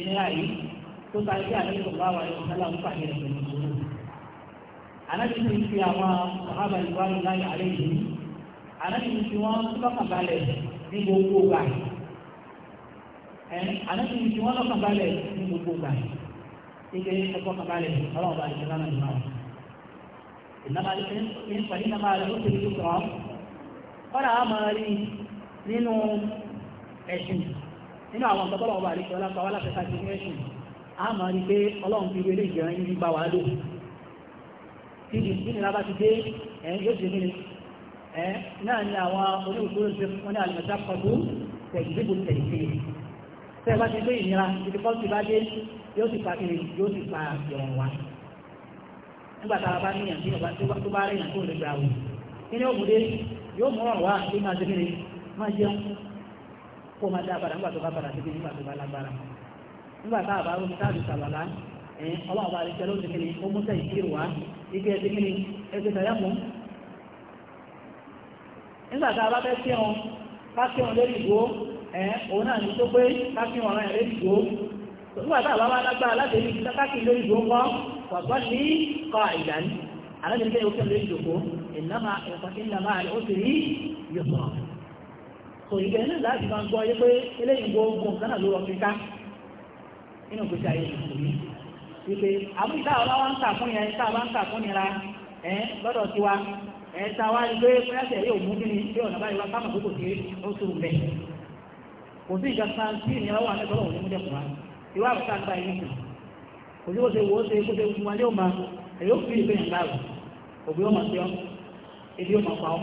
ìnira yìí tó ta ẹgbẹ́ àti ìṣọ̀lá wa ẹ̀rọ sálà ń pàdé rẹ̀ pẹ̀lú ìṣòro. Ànábì ti fi àwọn sàhábà ìwà ìlà àlẹ́ yìí. Ànábì ti fi wọ́n lọ́kànbalẹ̀ ní gbogbo gbà. Ànábì ti fi wọ́n lọ́kànbalẹ̀ ní gbogbo gbà. Ike ẹ̀kọ́ kànbalẹ̀ ọlọ́ọ̀bà ìṣẹ̀lá náà ìwà. Ìnáma ní pàdé náà máa lọ́kọ̀ rí nínú àwọn ọ̀gá bọ́lọ̀ ọba àríkẹ́ ọlápá wá láfẹ́ káàkiri ní ẹ̀sìn a máa rí pé ọlọ́run fi wọlé ìjẹun yìí bá wà lò tí ní sí nira bá ti dé ẹ̀ yóò ṣe nílé ẹ̀ náà ni àwọn oníwòsóró ṣe fún ní àlùmọ̀tá pọ̀tù tẹ̀gbẹ́gbò tẹ̀gbẹ́ tẹ́ bá ti gbé ìnira ibi kan ti bá dé yóò ti pa kiri yóò ti pa ìrọ̀rùn wa nígbà tá a bá níyàn tí ọba tó bá rí ìyàn tó lè gbà wò kí ni ó mú dé yóò mú ọ̀rọ̀ wa bí máa ṣe nílé máa jẹun kó máa dá padà nígbà tó bá padà síbi nígbà tó bá lágbára nígbà tá a bá wọn táàbí sàlọ́lá ẹ̀ ọlọ́run bá rí jẹ́ lóṣù kìíní ó mú sẹ́yìn kí wá ike ẹsẹ̀ kìíní ẹsẹ̀ sàyà mú. nígbà tá a bá fẹ́ sí wọn ká sí wọn lórí ìgbó ẹ̀ òun náà ní tó pé ká sí wọn rẹ̀ lórí ìgbó nígbà tá a bá wá lágbára láti rí káàkiri lórí ìgbó ńkọ́ wàgbọ́n ní kọ àìdánì àlẹ́ tò ìgbẹ́ ilé láti máa gbọ́ ayé pé eléyìí gbogbo nǹkan náà ló rọ kíká nínú ìgbésí ayé ìṣòwò wípé àbúrò táwa bá wá ń kà fún yẹn táwa bá ń kà fún nira ẹ lọ́dọ̀ tiwa ẹ táwa rí pé fúláṣẹ̀ yóò mú kí ni bí ọ̀nà báyìí wá sáàmù àkókò tí ó tó rù bẹ́ẹ̀ kò sí ìjọ san tí ìnira wà nípa ọ̀hún ní mú ìwà àbúrò àgbà yìí nìkan kò sí bó ṣe wò ó ṣe kó ṣe fún wa ní òun ó fi ìgbéyàn láàrú ó mọ̀ sí ọ ó mọ̀ pa ọ́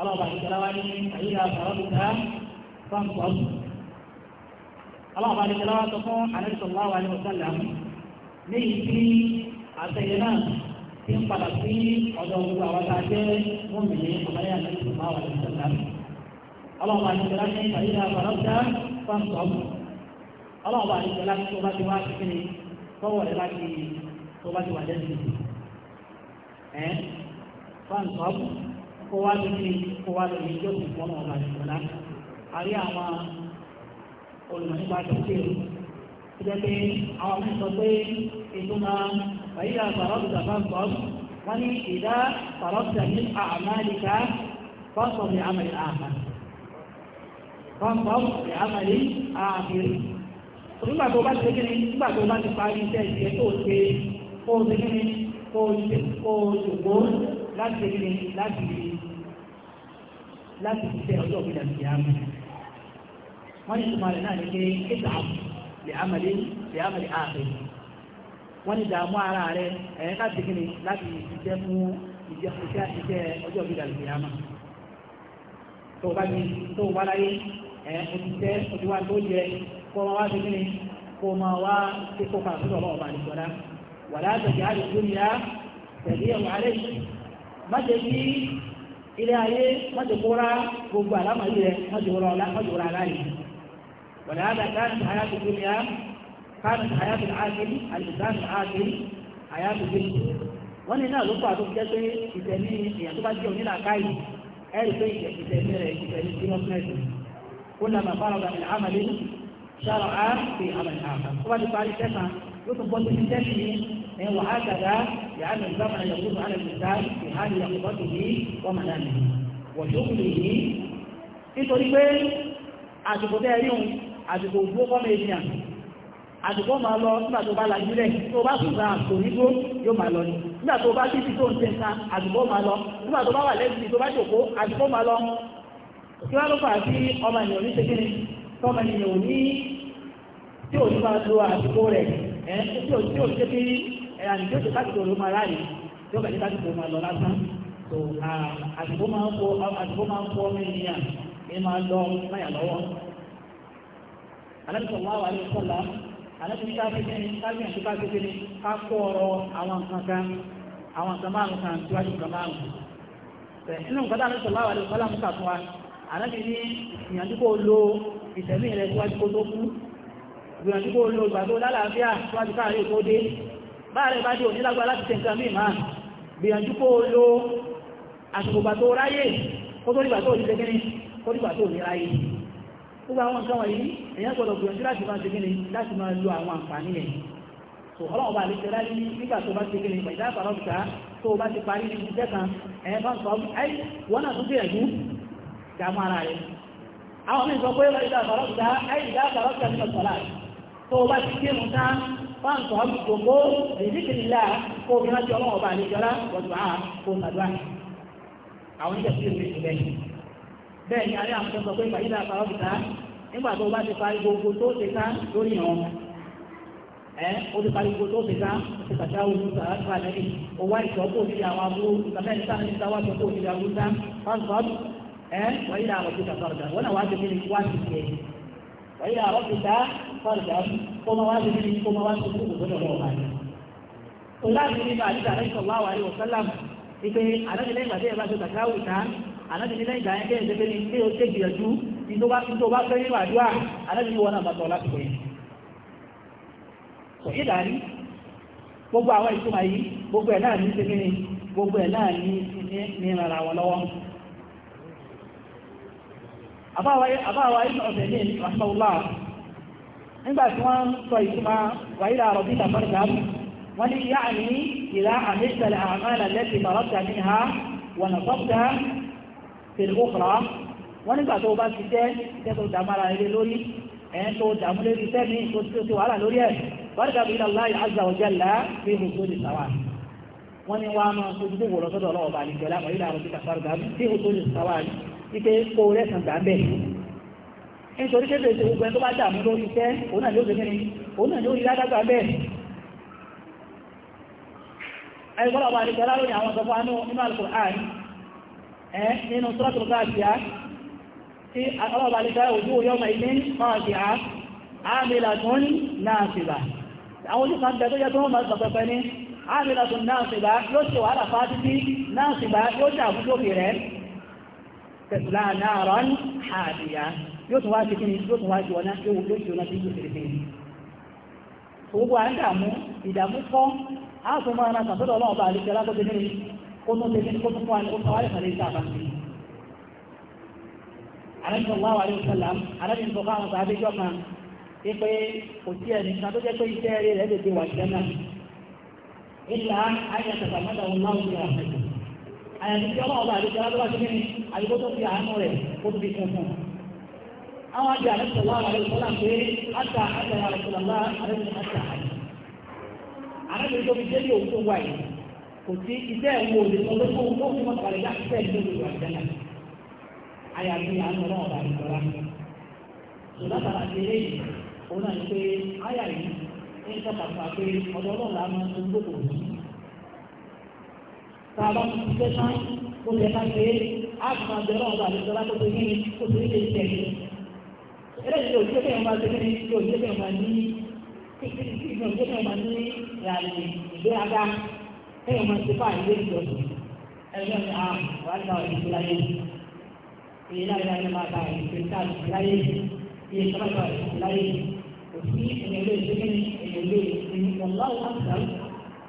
ọlọ́ọ̀bà ìjọba ní àyíká àbárọ̀lùkà fáńkọ́ọ̀bù ọlọ́ọ̀bà ìjọba tó fún àlẹ́sọ̀lá wa ní ọ̀sánlá ní ìdí àtẹ̀yẹ náà ti ń padà sí ọ̀dọ̀ gbogbo àwọn tá a jẹ́ mọ́mìnì ọ̀báyà àlẹ́sọ̀lá wa ní ọ̀sánlá ọlọ́ọ̀bà ìjọba ní àyíká àbárọ̀lùkà fáńkọ́ọ̀bù ọlọ́ọ̀bà ìjọba tó bá ti wá sí kíni tọ́wọ́ rẹ̀ láti tó bá ti wà lẹ́sìn ẹ̀ fáńkọ́ọ̀bù kó wá lórí kó wá lórí ìjọ sì fún ọmọ ọba ìṣọ̀lá àrí àwọn olùmọ̀nípa tó ṣe o tó jẹ́ pé àwọn mi sọ pé ètò máa bàyí à bàrọ́bù tàbá ń bọ̀ wọ́n ní ìdá bàrọ́bù tàbí àmàlìkà fọ́sọ̀ ní àmàlì àmà fọ́sọ̀ ní àmàlì àmàlì nígbà tó bá ti kí ni nígbà tó bá ti parí iṣẹ́ ìṣẹ́ tó ṣe kó o ṣe kí ni kó o ṣe kó o ṣògbó láti ṣe kíni láti láti ṣiṣẹ́ ọjọ́ òkúta sí àmì wọ́n ní ìtumọ̀ rẹ̀ náà ní pé kéta lè àmàlé lè àmàlé ààrẹ wọ́n ní dààmú ara rẹ̀ ẹ̀yẹ́ ká ṣe láti ṣiṣẹ́ fún ìjẹ́ ọjọ́ tó bá ní tó bá láyé ẹ̀ tó kó máa wá máa wá kó kà máṣe bí ilé ayé máṣe kóra gbogbo àlámàlú rẹ máṣe wọra ọlá máṣe wọra aláàrí wọlé àgbà káàdì àyàtò dúnìá káàdì àyàtò àkìlì àlùsáàdì àkìlì àyàtò dúnìá wọn ní náà ló kọ àtúntò jẹ pé ìtẹ̀mí èèyàn tó bá jẹ òní làákàyè ẹ̀rí pé ìtẹ̀mí rẹ ìtẹ̀mí sílọ́sílẹ̀sì kó làmà fáwọn ọ̀gá mi àmàlẹ́ sára á fi àmàlẹ́ àmà tó bá ti parí tẹ́sán ló tún bọ́ sí وهكذا لأن الزمن يكون على الإنسان في حال يقظته ومنامه وشغله nítorí pé àsìkò tẹ́ rí òun àsìkò ògbó kọ́mọ ènìyàn àsìkò máa lọ nígbà tó bá lajú rẹ̀ tó bá sùn sáà kò ní gbó yóò máa lọ ní nígbà tó bá títí tó ń tẹ́ nǹkan àsìkò máa lọ nígbà tó bá wà lẹ́sìn tó bá jòkó àsìkò máa lọ kí wá ló fà sí ọmọ ènìyàn ní ṣe kíni tọ́mọ ènìyàn ò ní tí ò ní máa lo àsìkò rẹ̀ ẹ́ tí ò ní ṣe kí ẹ̀rọ àdìjọ́ tó káàkiri òun máa ráàyè tó kàdé káàkiri òun máa lọ lásán tó àdìgbò máa ń fọ àdìgbò máa ń fọ mẹ́rìnìyà ní máa lọ láyà lọ́wọ́. alábìsọ̀ wá wà ní sọ́la alábìsọ̀ ká kékeré ní káàkiri àti ká kékeré ká kó ọ̀rọ̀ àwọn nǹkan kan àwọn nǹkan márùn kan síwájú nǹkan márùn. inú nǹkan tá alábìsọ̀ wá wà ní sọ́la mú kàtún wa alábìsọ̀ ìyànjú kó lo ìtẹ̀mí rẹ̀ síwájú kó tó kú káàrí ò dé báàrẹ̀ bá dé onílágbà láti tẹ nǹkan mímá gbìyànjú kó lo àṣìkògbà tó ráyè kó tó nígbà tó ní tẹ́gẹ́ni kó nígbà tó ní ráyè gbogbo àwọn nǹkan wọ̀nyí èyàn gbọ́dọ̀ gbìyànjú láti máa tẹ́gẹ́ni láti máa lo àwọn àǹfààní rẹ̀ so ọlọ́run bá lè tẹ́lá ní nígbà tó bá tẹ́gẹ́ni pẹ̀lú àpàlọ́pìta tó bá ti parí ní iṣẹ́ kan ẹ̀yẹn bá ń sọ ẹ́ wọ́n náà tún gbìyànjú dàmú ara rẹ̀ àwọn mí sọ pé ìdá àpàlọ́pìta ẹ́ ìdá àpàlọ́pìta nínú sọ̀lá tó bá ti kírun tán fáǹtọ̀ gbogbo rìdíkìlá kó bí wọ́n ti ọlọ́wọ́ bá àlejọ́lá wọ́dùn á kó sàdúrà àwọn ìjọ sí ìrìn ìbẹ̀ bẹ́ẹ̀ ni alẹ́ àwọn sọ pé ìgbàyílá àpárọ̀ kìta nígbà tó bá ti parí gbogbo tó ṣe ká lórí ìran ẹ ó ti parí gbogbo tó ṣe ká ó ti pàṣẹ àwọn olùsọ àti àlẹ́bí ó wá ìṣọ́kò sí àwọn abúrú ìgbàmẹ́ níta níta wá ìṣọ́kò àwọn olùsọ fáǹtọ̀ ẹ wọ́n yíra àwọn ti wọ́n yà rọ́pì dá fọ́ọ̀dà kó máa wá sí ní kó máa wá sí kó gbọdọ̀ lọ́wọ́ bá yẹn. o láti ní bá àdìsá àdìsá wà wà ní wọ́sálàm ìpè àdájìlẹ́yìn ìgbà tí ẹ bá ṣe tàkàwù tá àdájìlẹ́yìn ìgbà yẹn kéde pé ní pé o ṣe gbìyànjú ní tó bá ní tó bá fẹ́ nínú àdúrà àdájìlẹ́yìn wọn náà bàtọ̀ láti pè é. sọ yìí dàní gbogbo àwọn ìtumọ̀ yìí gbogbo ẹ̀ náà ní ṣe kí ni gbogbo àbáwá ìmọ̀ ọ̀sẹ̀ ní ìrànṣọ́lá nígbà tí wọ́n sọ ìtumá wàílà àrọ̀bí tàbárìkà wọ́n ní yá ní ìlà àmìsàlẹ̀ àmàlà lẹ́tì bàrọ́tà ní ha wọ̀nà sọ́kùtà fèrè òkùrá wọ́n nígbà tó bá ti jẹ́ iṣẹ́ tó dàmára ilé lórí ẹ̀yẹn tó dàmú lórí iṣẹ́ mi tó ti ti wàhálà lórí ẹ̀ bàrìkà bí ilàlá azza wa wípé kó rẹ̀sàn gbà bẹ́ẹ̀ nítorí kéde ìṣe gbogbo ẹni tó bá dààmú lórí iṣẹ́ òun náà ló ṣe kíni òun náà ló rí ládágbà bẹ́ẹ̀ ẹgbọ́n àwọn Al-Qur'an ẹ́ nínú Suratul Ghasiyah tí ọlọ́ọ̀bà àdìsọ́ ojú yọmọ ilé náà ti á àmìlàtún náà ti bá àwọn ojú kan tẹ́tọ́ jẹ́ tó wọ́n máa sọ pẹ́pẹ́ ní àmìlàtún náà ti bá yóò ṣe wàhálà fásitì náà ti bá yóò ṣe àfúnjòkè rẹ̀ tẹ̀sílá náàrọ̀ àdìyà yóò tún wá sí kí ni yóò tún wá sí ọ̀nà yóò wúlò sí ọ̀nà tí yóò fèrè fèrè gbogbo à ń dààmú ìdààmú kọ́ áàtùn máa náà sàtọ́dọ̀ ọlọ́run bá àlejò alákọ́tẹ́ nínú kó tó tẹ́lẹ̀ kó tó fún àwọn ọkọ̀ àwọn ìfàlẹ̀ ìta àbáṣe aláìsọ̀lá wà ní ìṣẹ̀lá aláìsọ̀ káwọn sàábé jọ kan pé kò sí ẹni kan tó jẹ́ pé iṣẹ́ rẹ̀ lẹ́dẹ̀ẹ́dẹ́ wà jẹ́ náà ìlà ayẹ̀tẹ̀tà mọ́tà òun láwùjọ àfẹ́jọ́ àyàfi tí ọlọ́run bá àdéjọ́ alábọ́ sí kíni àdéjọ́ tó fi àánú rẹ̀ ó ti fi kún fún un. àwọn àjọ àdéjọ́ wà wà lẹ́yìn sọ́lá pé àtà àtà wà lẹ́yìn sọ́lá àdéjọ́ àtà àyè. àdéjọ́ tó fi dé ní òun tó wà yìí kò sí iṣẹ́ ìwò òde tó ló fún tó fún ọ̀pọ̀ àlejò àti iṣẹ́ ìwò òde àjẹ́lá. àyàfi àánú ọlọ́run bá àdéjọ́ rà. sọ̀dọ́tàrà ti eré yìí òun náà ní pé ń pé ọ̀dọ́ tá a bá ti ṣiṣẹ́ tán kó lè máa ṣe é á ti máa bẹ̀rẹ̀ ọ̀gá àlejò láti ṣe kíni kó ṣe ilé iṣẹ́ rẹ̀. eléyìí ló ṣe kéèyàn máa ṣe kíni ló ṣe kéèyàn máa ní ló ṣe kéèyàn máa ní ìlànà ìgbéraga kéèyàn máa ṣe fáà ilé ìjọsìn ẹgbẹ́ mi à wà ní àwọn ìdílé ayé èyí láyé láyé máa ta ìdílé ayé èyí sábà ta ìdílé ayé òsì ìrìnlẹ̀ ìdílé ìrìnlẹ̀ ìrìnlẹ̀ ọ̀lá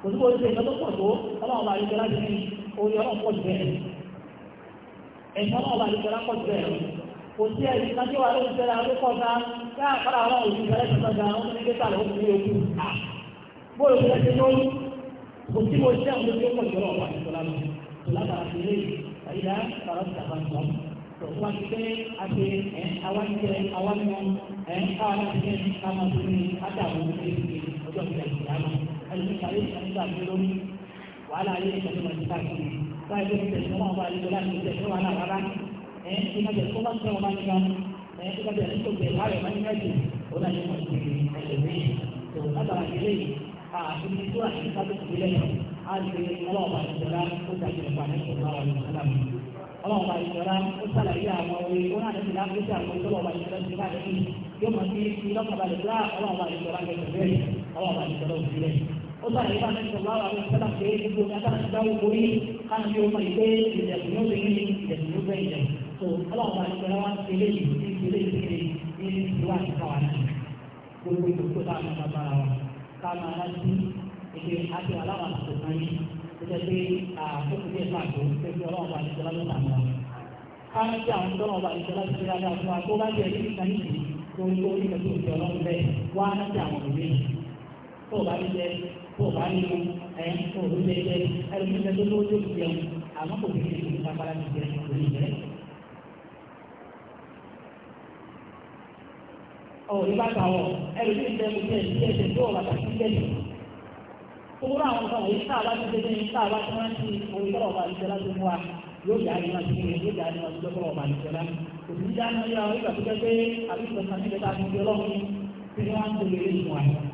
kò sí oṣù ìjọ tó pọ̀ tó ọlọ́run láti orí jù bẹ́ẹ̀ lápọ̀ jù bẹ́ẹ̀ kò sí ẹlòmíkà yóò sọ nígbà tó lórí wàhálà ayé ìtẹ̀lé wọn ti káàkiri báyìí ló ti tẹ̀lé wọn ọba àlejò láti tẹ̀lé wàhálà rárá ẹ ìgbà tẹ̀lé tó bá tẹ̀ wọn bá ní ká ẹ ìgbà tẹ̀lé tó tẹ̀lé wàhálà ìmọ̀ nígbà tẹ̀ ó dájú wọn ti tẹ̀lé ẹlòmí tó látara ilé yìí àti ní tó àti ká tó tẹ̀lé lẹ́yìn àti ọlọ́ọ̀bà ìjọba ó dájú nípa ní ọlọ́ọ̀bà ìjọba ó sàlàyé àwọn orin ó náà ti láti ṣe àwọn ọlọ́ọ̀bà ìjọba ti bá lẹ́yìn yóò mọ̀ sí ilé ọ̀kadà lè gbá ọlọ́ọ̀bà ìjọba lẹ́yìn ọlọ́ọ̀bà ìjọba òsì lẹ́yìn ó sọ àyíká ní sọ̀rọ̀ àwọn àwọn ìṣẹ́lá pé gbogbo agbára ti dáwọ́ borí káàmì bí ó mọ̀ ìgbé ìjẹ̀sìn ló ṣe ní ìjẹ̀sìn ló fẹ́ ìjẹ̀ tó ọlọ́run bá ìṣẹ́lá wá ṣe lé yìí ní ìṣẹ́lẹ̀ ìṣẹ́lẹ̀ ní ìṣẹ́lá ìṣàwà náà gbogbo ìdókòó táwọn ọmọ bá wa káàmì aláṣí èdè àti aláwọ̀ àti òkan yìí ó jẹ́ pé àkókò díẹ̀ máa tó pé kí ọlọ́run bá ìṣẹ́lá ló tà mọ́ káàmì tí kó bá ní mu ẹ kó o lè jẹ ẹlòmíì jẹ tó lówó tó ti jẹun àmọ́ kò tètè tó nípa bára ti jẹun kò ní jẹ. ọ ní bá ta wọ ẹlòmíì jẹ kó jẹ ìdí ẹsẹ tó ọba tàbí jẹ jù. kókó náà àwọn ọmọ yìí tá a bá ti jẹ ní tá a bá ti rántí orí tọrọ ọba àti jẹlá tó mú wa yóò yá ni wọn ti kéré yóò yá ni wọn ti jẹ tọrọ ọba àti jẹlá kò sí dáná yá wọn ìgbà tó jẹ pé àbí ìgbà tó jẹ pé àbí ìgbà tó jẹ pé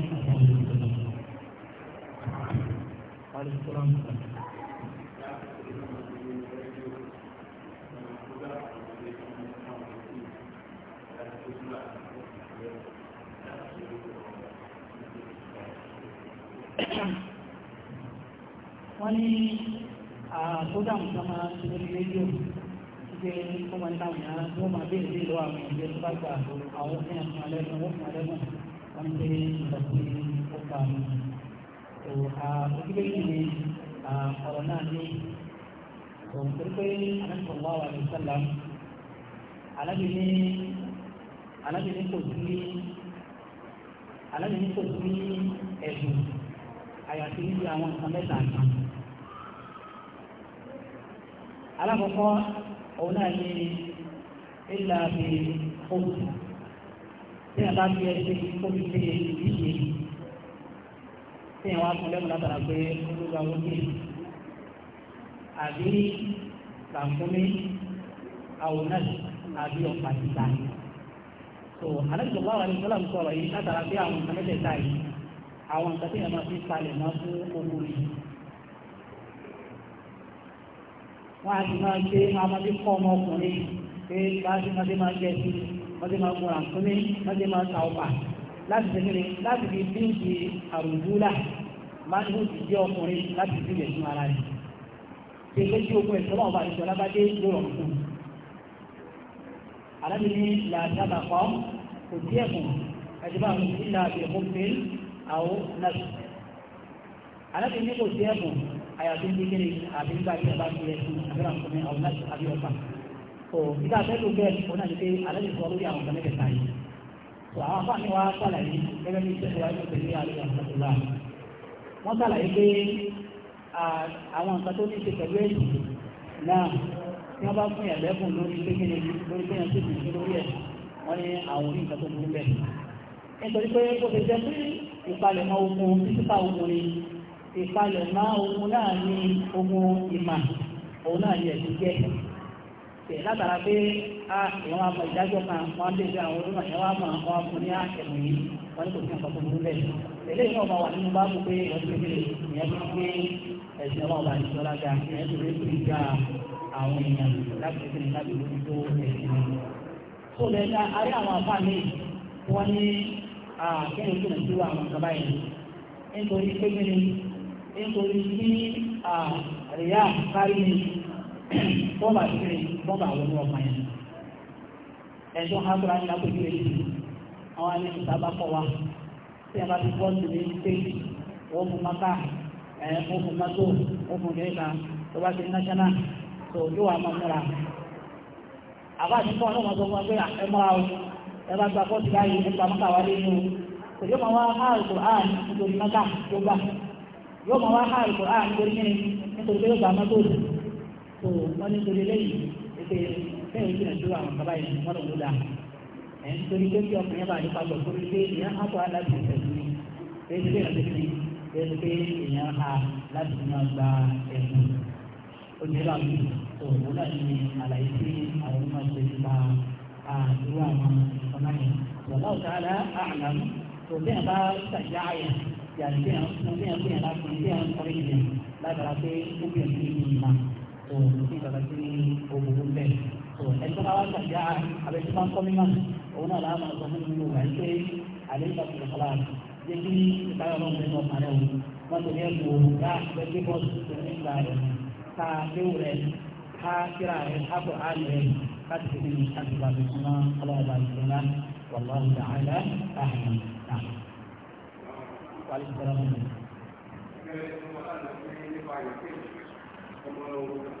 alif kuram Wani a ah, sojan sama sinir radio cikin komentar ah, ya zuwa ma bin zai zuwa mai jirgin baka a wasu yana malar na wasu malar wani da ya yi da kuma kuma òkúté yìí ni ọ̀rọ̀ náà ní òǹkóńpé anábìsọ̀lá wà ní sọ́lá alábìíní alábìíní kò sí alábìíní kò sí ẹ̀dùn àyàfi níbi àwọn nǹkan mẹ́ta kan alákọ̀ọ́kọ́ òun náà ní ìlà bíi kóòtù tí a bá fi tí ìwà fún lẹ́nu látara pé olúwa wókè àbí làǹkómi àwòrán àbí ọ̀pá títà tó alẹ́sọ̀lá wà ní sọ́lá ń sọ̀rọ̀ yìí látara pé àwọn nǹkan mẹ́tẹ̀ẹ̀ta yìí àwọn nǹkan tí ìyẹn máa fi palẹ̀ máa fún ogun yìí wọ́n á ti máa gbé amadé kọ́ ọmọkùnrin pé bá a ti máa gbé máa jẹ́ máa gbọ́ra fún mi wọ́n ti máa ta ọ̀pá láti tẹ̀lé láti fi bíǹkì àrùbúlà máa ń ti jẹ́ ọkùnrin láti fi lè fún ara rẹ̀ ṣe lé sí ogun ìṣọ́lá ọba àti ìṣọ́lá bá dé yóò rọrùn fún un alábi ní làtàbà kọ́ kò sí ẹ̀kùn ẹ̀dùbà ń fi là bí ẹ̀kún fi àwọn nàbì alábi ní kò sí ẹ̀kùn àyàfi ń kékeré àbí nígbà tí ọba fi ẹ̀kún àbíra fún mi àwọn nàbì àbí ọ̀pá. ò nígbà tẹ́lú bẹ́ẹ̀ àwọn afáàní wa sàlàyé gẹ́gẹ́ bí ìṣẹ́lẹ̀ wáyé pẹ̀lú àríwá ìṣàkóso wọ́n sàlàyé pé àwọn nǹkan tó ní ṣe pẹ̀lú ẹ̀sìn náà tí wọ́n bá fún yàn lẹ́bùn lórí kékeré lórí kéèyàn tó ti fún lórí ẹ̀ wọ́n ní àwọn orí nǹkan tó burú bẹ́ẹ̀. nítorí pé ó ti jẹ́ pé ìpalẹ̀mọ́ ogun títà ogun ni ìpalẹ̀mọ́ ogun náà ní ogun ìmà òun náà ní ẹ̀sìn jẹ́ tẹ̀ látara pé a ah, ìwọ̀n àmọ̀ ìdájọ́ kan wọ́n lè fi àwọn olóòmọ̀ ẹ̀wọ̀n àmọ̀ àwọn afúnni àtẹ̀mù yìí wọ́n ní kò sí nǹkan tó burú bẹ́ẹ̀ tẹ̀lé yìí náà máa wà nínú bá mú pé wọ́n ti fi ìyẹn fi gbé ẹ̀sìn ọlọ́run bá ìṣọ́ lága ìyẹn ti fi fi gba àwọn èèyàn láti fi láti lórí tó ẹ̀sìn mi. tó lẹ́ ní arí àwọn afá mi wọ́n ní kéèyàn tó nàìjú àwọn kaba yìí nítorí pé kí ni nítorí kí ah, àríyá kárí ni bọ́ọ̀bà kiri bọ́ọ̀bà wọlé ọmọ yẹn ẹ̀dọ́ hàbúrà ní na èyí àwọn ẹni sábà kọ wa tí a bá ti bọ́ sí ní stéèjì wọ́n mú maka ẹ̀ wọ́n mú mọ́tò wọ́n mú gẹ́gà tó bá ti náṣánà tó yóò wà máa múra àbá àti fún ọlọ́mọ tó wọ́n pé ẹ múra o ẹ bá maka o yóò máa wá hàrù tó wọ́n ní torí lẹ́yìn ètè bẹ́ẹ̀ jìnnà tó àwọn bàbá yìí wọ́n lọ wúlà ẹ̀ ń torí pé kí ọkùnrin bá nípa lọ torí pé ìyẹn á kọ́ aláàbò ìfẹ̀sí ni èyí tó yẹn ti fi pé ìyẹn á láti máa gba ẹ̀mú ojúlá mi tó wọ́n náà ní àlàyé tí àwọn ọmọ ṣe nípa àdúró àwọn ọmọ yẹn wọ́n láwùjọ alá àlàmú tó bẹ́ẹ̀ bá ṣàjá àyà yàtí àwọn ọmọ yẹn kúnyàn láti ní bí àwọn ọmọ yẹn lágbára pé ó bẹ̀rẹ̀ ní ìlú náà tó ní ìgbàgbà tí òbòrò bẹ́ẹ̀ tó ẹni tó bá wá gbàgbé a abẹ́tí máa ń kọ́ mímọ́ òun náà láàmú ọ̀sán fún mi wà ní pé àlẹ́ ìgbà tó kọ́lá yé kí ìbáyọ̀ náà bẹ́ẹ̀ náà parẹ́ o wọ́n tó ní ẹ̀kọ́ yá gbẹ́gbé bọ́ọ̀sì tó ní ìgbà rẹ̀ ká léwu rẹ̀ ká kíra rẹ̀ ká kọ̀ á rẹ̀ ká ti fi ní àgbègbè àbẹ̀kúnmá ọlọ́ọ̀bà ìṣúná wàlúwàlú ta'ala àhàn náà. wàlúù sọ́dọ̀ mọ́ mi. ọmọ ọmọ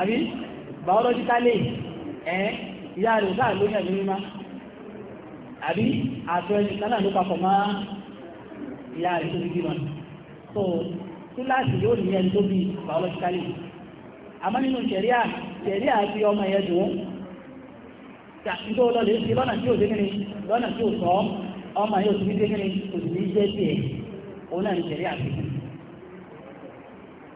àbí biologically ẹ̀ ìyá rẹ̀ sáà ló ní ẹ̀mí mímá àbí àtọ ẹni ló papọ̀ mọ́ ìyá rẹ̀ tó bíbí wọn so kíláàsì yóò ní ẹni tó bí biologically a nínú ṣẹ̀ríà ṣẹ̀ríà ti ọmọ yẹn dùn nítorí lọ lè ṣe lọ́nà tí ò dé kíni lọ́nà tí ò sọ ọmọ yóò ti ní dé kíni kò ní jẹ́ tiẹ̀ òun náà ní ti kíni.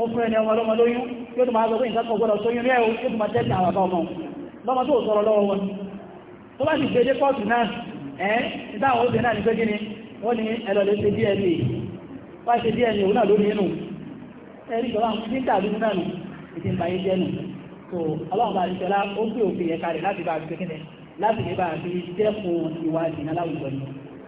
ó fún ẹni ọmọ ọlọ́mọ lóyún yóò tó máa sọ pé nǹkan kan gbọ́dọ̀ sóyún rẹ̀ yóò tó máa tẹ́sí àwọn àbá ọmọ lọ́mọ tó sọ̀rọ̀ lọ́wọ́ wọn tó bá sì gbé dé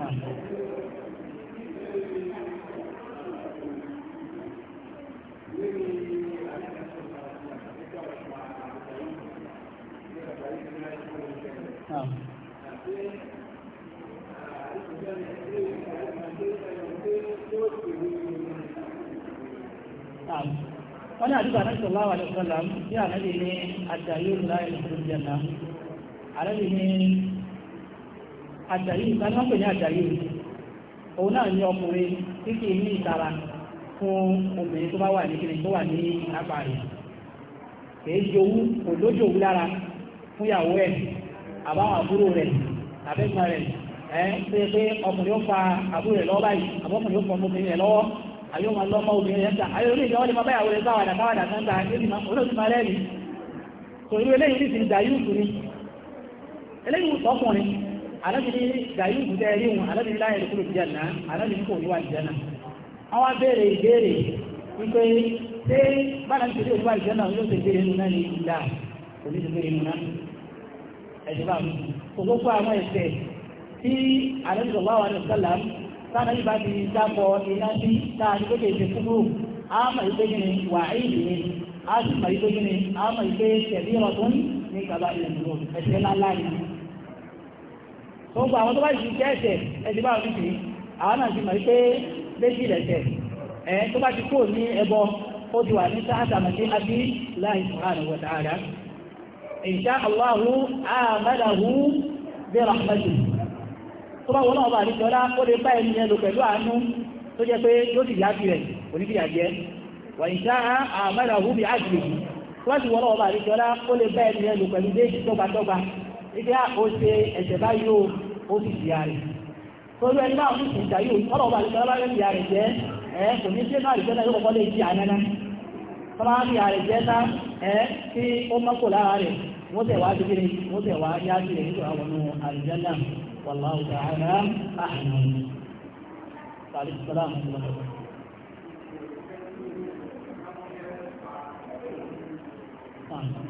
wọ́n ní àdúgbà náà sọ̀lá wà lọ́sọ̀lá tí ànábì ní àjàyè ìlú láyé ìlú jẹ̀nà ànábì ní àjàyí ìtànápẹ̀ ní àjàyí òun náà ní ọkùnrin tí kìí ní ìtara fún obìnrin tó bá wà ní kíni tó wà ní apá rẹ̀ kìí jowú kò lójòwú lára fún ìyàwó ẹ̀ àbáwọn àbúrò rẹ̀ àbẹ́gbọ́n rẹ̀ ẹ̀ tó yẹ pé ọkùnrin ó fa àbúrò rẹ̀ lọ́wọ́ báyìí àbọ́kùnrin ó fọ ọmọbìnrin rẹ̀ lọ́wọ́ àyọ́ máa lọ́mọ obìnrin rẹ̀ ń ta àyọ́ ilé ìjọba lè máa báyàwó rẹ̀ sáwàdà káwàdà kan ta olóòtú máa rẹ́ẹ̀lì kò irú eléyìí sì ń da yúùtù ni eléyìí wù sọ́kùnrin alábìnrin gàyú ìbùdá ẹrí wọn alábìnrin láyé kúrò ìjànà alábìnrin kò níwà ìjànà àwọn béèrè ìbéèrè wípé ṣé bára ń tẹ̀lé òníwà ìjànà yóò ṣe béèrè nínú náà ní ìlà òní ti béèrè nínú náà ẹ̀jẹ̀ bá mi kò gbogbo àwọn ẹ̀ṣẹ̀ tí alábìnrin sọ̀rọ̀ àwọn àdìsọ́là sáà nígbà tí dápọ̀ iná sí sáà ní pé kèsè kúrò àmà ìpé gini wà ìlú ni àmà ìpé gini àmà ìpé tẹ̀lé ọ̀tún ní kaba ìlú ẹ̀ṣẹ̀ láláàrin tó ń gba àwọn tó bá yìí jẹ́ ẹ̀ṣẹ̀ ẹ̀ṣẹ̀ bá wọn nìyí àwọn náà ti mọ̀ pé méjì lẹ̀ṣẹ̀ ẹ̀ tó bá ti kó ní ẹbọ ó ti wà ní sáàtàmọ̀tí abí láì subhanahu wa ta'ala insha Allahu àmàlàhù bí rahmatu tó bá wọn náà bá rí jọlá ó lè bá ẹni yẹn lò pẹ̀lú àánú tó jẹ́ bá ti ó lè bá ẹni yẹn pẹ̀lú déjì tọ́gbàtọ́gbà ibi a ṣe ẹ̀ṣẹ̀ báyìí ó ó sì di ààrẹ torí ẹni náà ìjà yóò ọ̀rọ̀ ọba àti ọlọ́rọ̀ ti ààrẹ jẹ́ ẹ̀ kò ní sí náà ìjọba yóò kọ́kọ́ lè di ànánà tọ́lá ti ààrẹ jẹ́ ná ẹ̀ tí ó mọ́kò lára rẹ̀ wọ́n tẹ̀ wá wọ́n yá sí rẹ̀ nítorí àwọn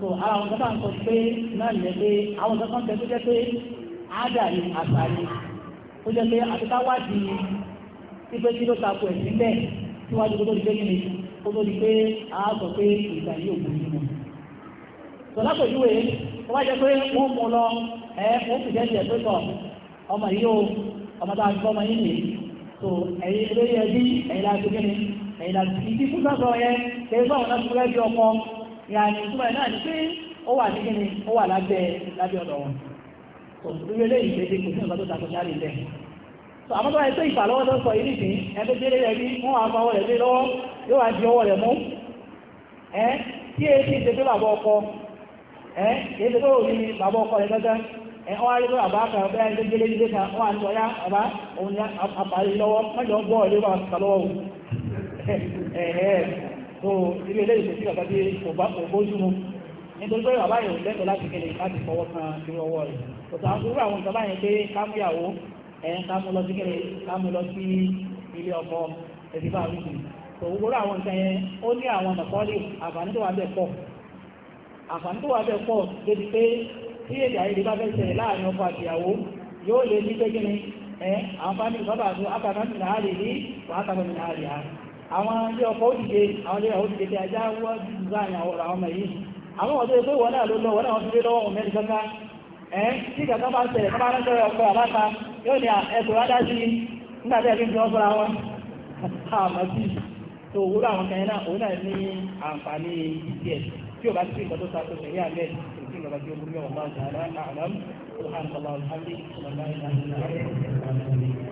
so ara àwọn sábà ń sọ pé náà lè pé àwọn nǹkan kan tẹ tó jẹ́ pé àádà ni àgbà ni ó jẹ́ pé àtúntà wá di pípé tí ló takò ẹ̀ sílẹ̀ síwájú tó tó di pé kí ni ó tó di pé a sọ pé ìgbà yìí òkú yìí mọ̀. sọ lápèjúwe ó wá jẹ́ pé wọ́n mú lọ ẹ̀ ó sì jẹ́ ìjẹ́ pé sọ ọmọ yìí ó ìyàrin ìtumọ̀ ẹ̀ náà ni pé ó wà ní kíni ó wà lábẹ́ lábẹ́ ọ̀dọ̀ wọn kò sí kò sí lẹ̀ so àmọ́ tó wáyé pé tó sọ ìsìn ẹgbẹ́ rẹ̀ wọ́n fọwọ́ rẹ̀ lé lọ́wọ́ yóò di ọwọ́ rẹ̀ mú tí ti ṣe pé bàbá ọkọ ẹ èyí ti tó rí bàbá ọkọ rẹ̀ gẹ́gẹ́ ẹ wọ́n rí bàbá kan bẹ́ẹ̀ [LAUGHS] tó ilé ilé ìṣòsí ọ̀gá bí ògbójú mu nítorí pé bàbá yẹn ò lẹ́tọ̀ láti kẹlẹ̀ láti fọwọ́ kan irú ọwọ́ rẹ̀ kòtò àwọn irú àwọn nǹkan báyẹn pé kámúyàwó ẹ̀ kámú lọ sí kẹlẹ̀ kámú lọ sí ilé ọkọ ẹ̀sìn bá wíjì tó gbogbo àwọn nǹkan yẹn ó ní àwọn nàkọ́lì àǹfààní tó wà bẹ́ẹ̀ pọ̀ àǹfààní tó wà bẹ́ẹ̀ pọ̀ débi pé tí èdè àìyedè bá fẹ́ ṣẹlẹ̀ láàrin ọkọ àtìyàwó yóò lè ní pé kí ni ẹ̀ àǹfààní bàbá àti akàkàmìnà àlè yìí wà á kàkàmìnà àlè yìí àwọn ilé ọkọ̀ òdìdé àwọn ilé òdìdé tí ajá wọ́ design àwọn ọ̀rọ̀ àwọn ọmọ yìí àwọn ọ̀dọ́ pé wọ́n náà ló lọ wọ́n náà fi lé lọ́wọ́ ọmọ ẹni kankan ẹ̀ tí kàkà bá ṣẹlẹ̀ kọ́ bá rán sọ́rọ̀ ọkọ̀ àbáta yóò ní ẹ̀kọ́ rádá sí nígbà tí ẹ̀kí ń fi wọ́n fọ́ra wọn àmọ́ [LAUGHS] sí tó owó àwọn kan náà òun náà ní àǹfààní díẹ̀ tí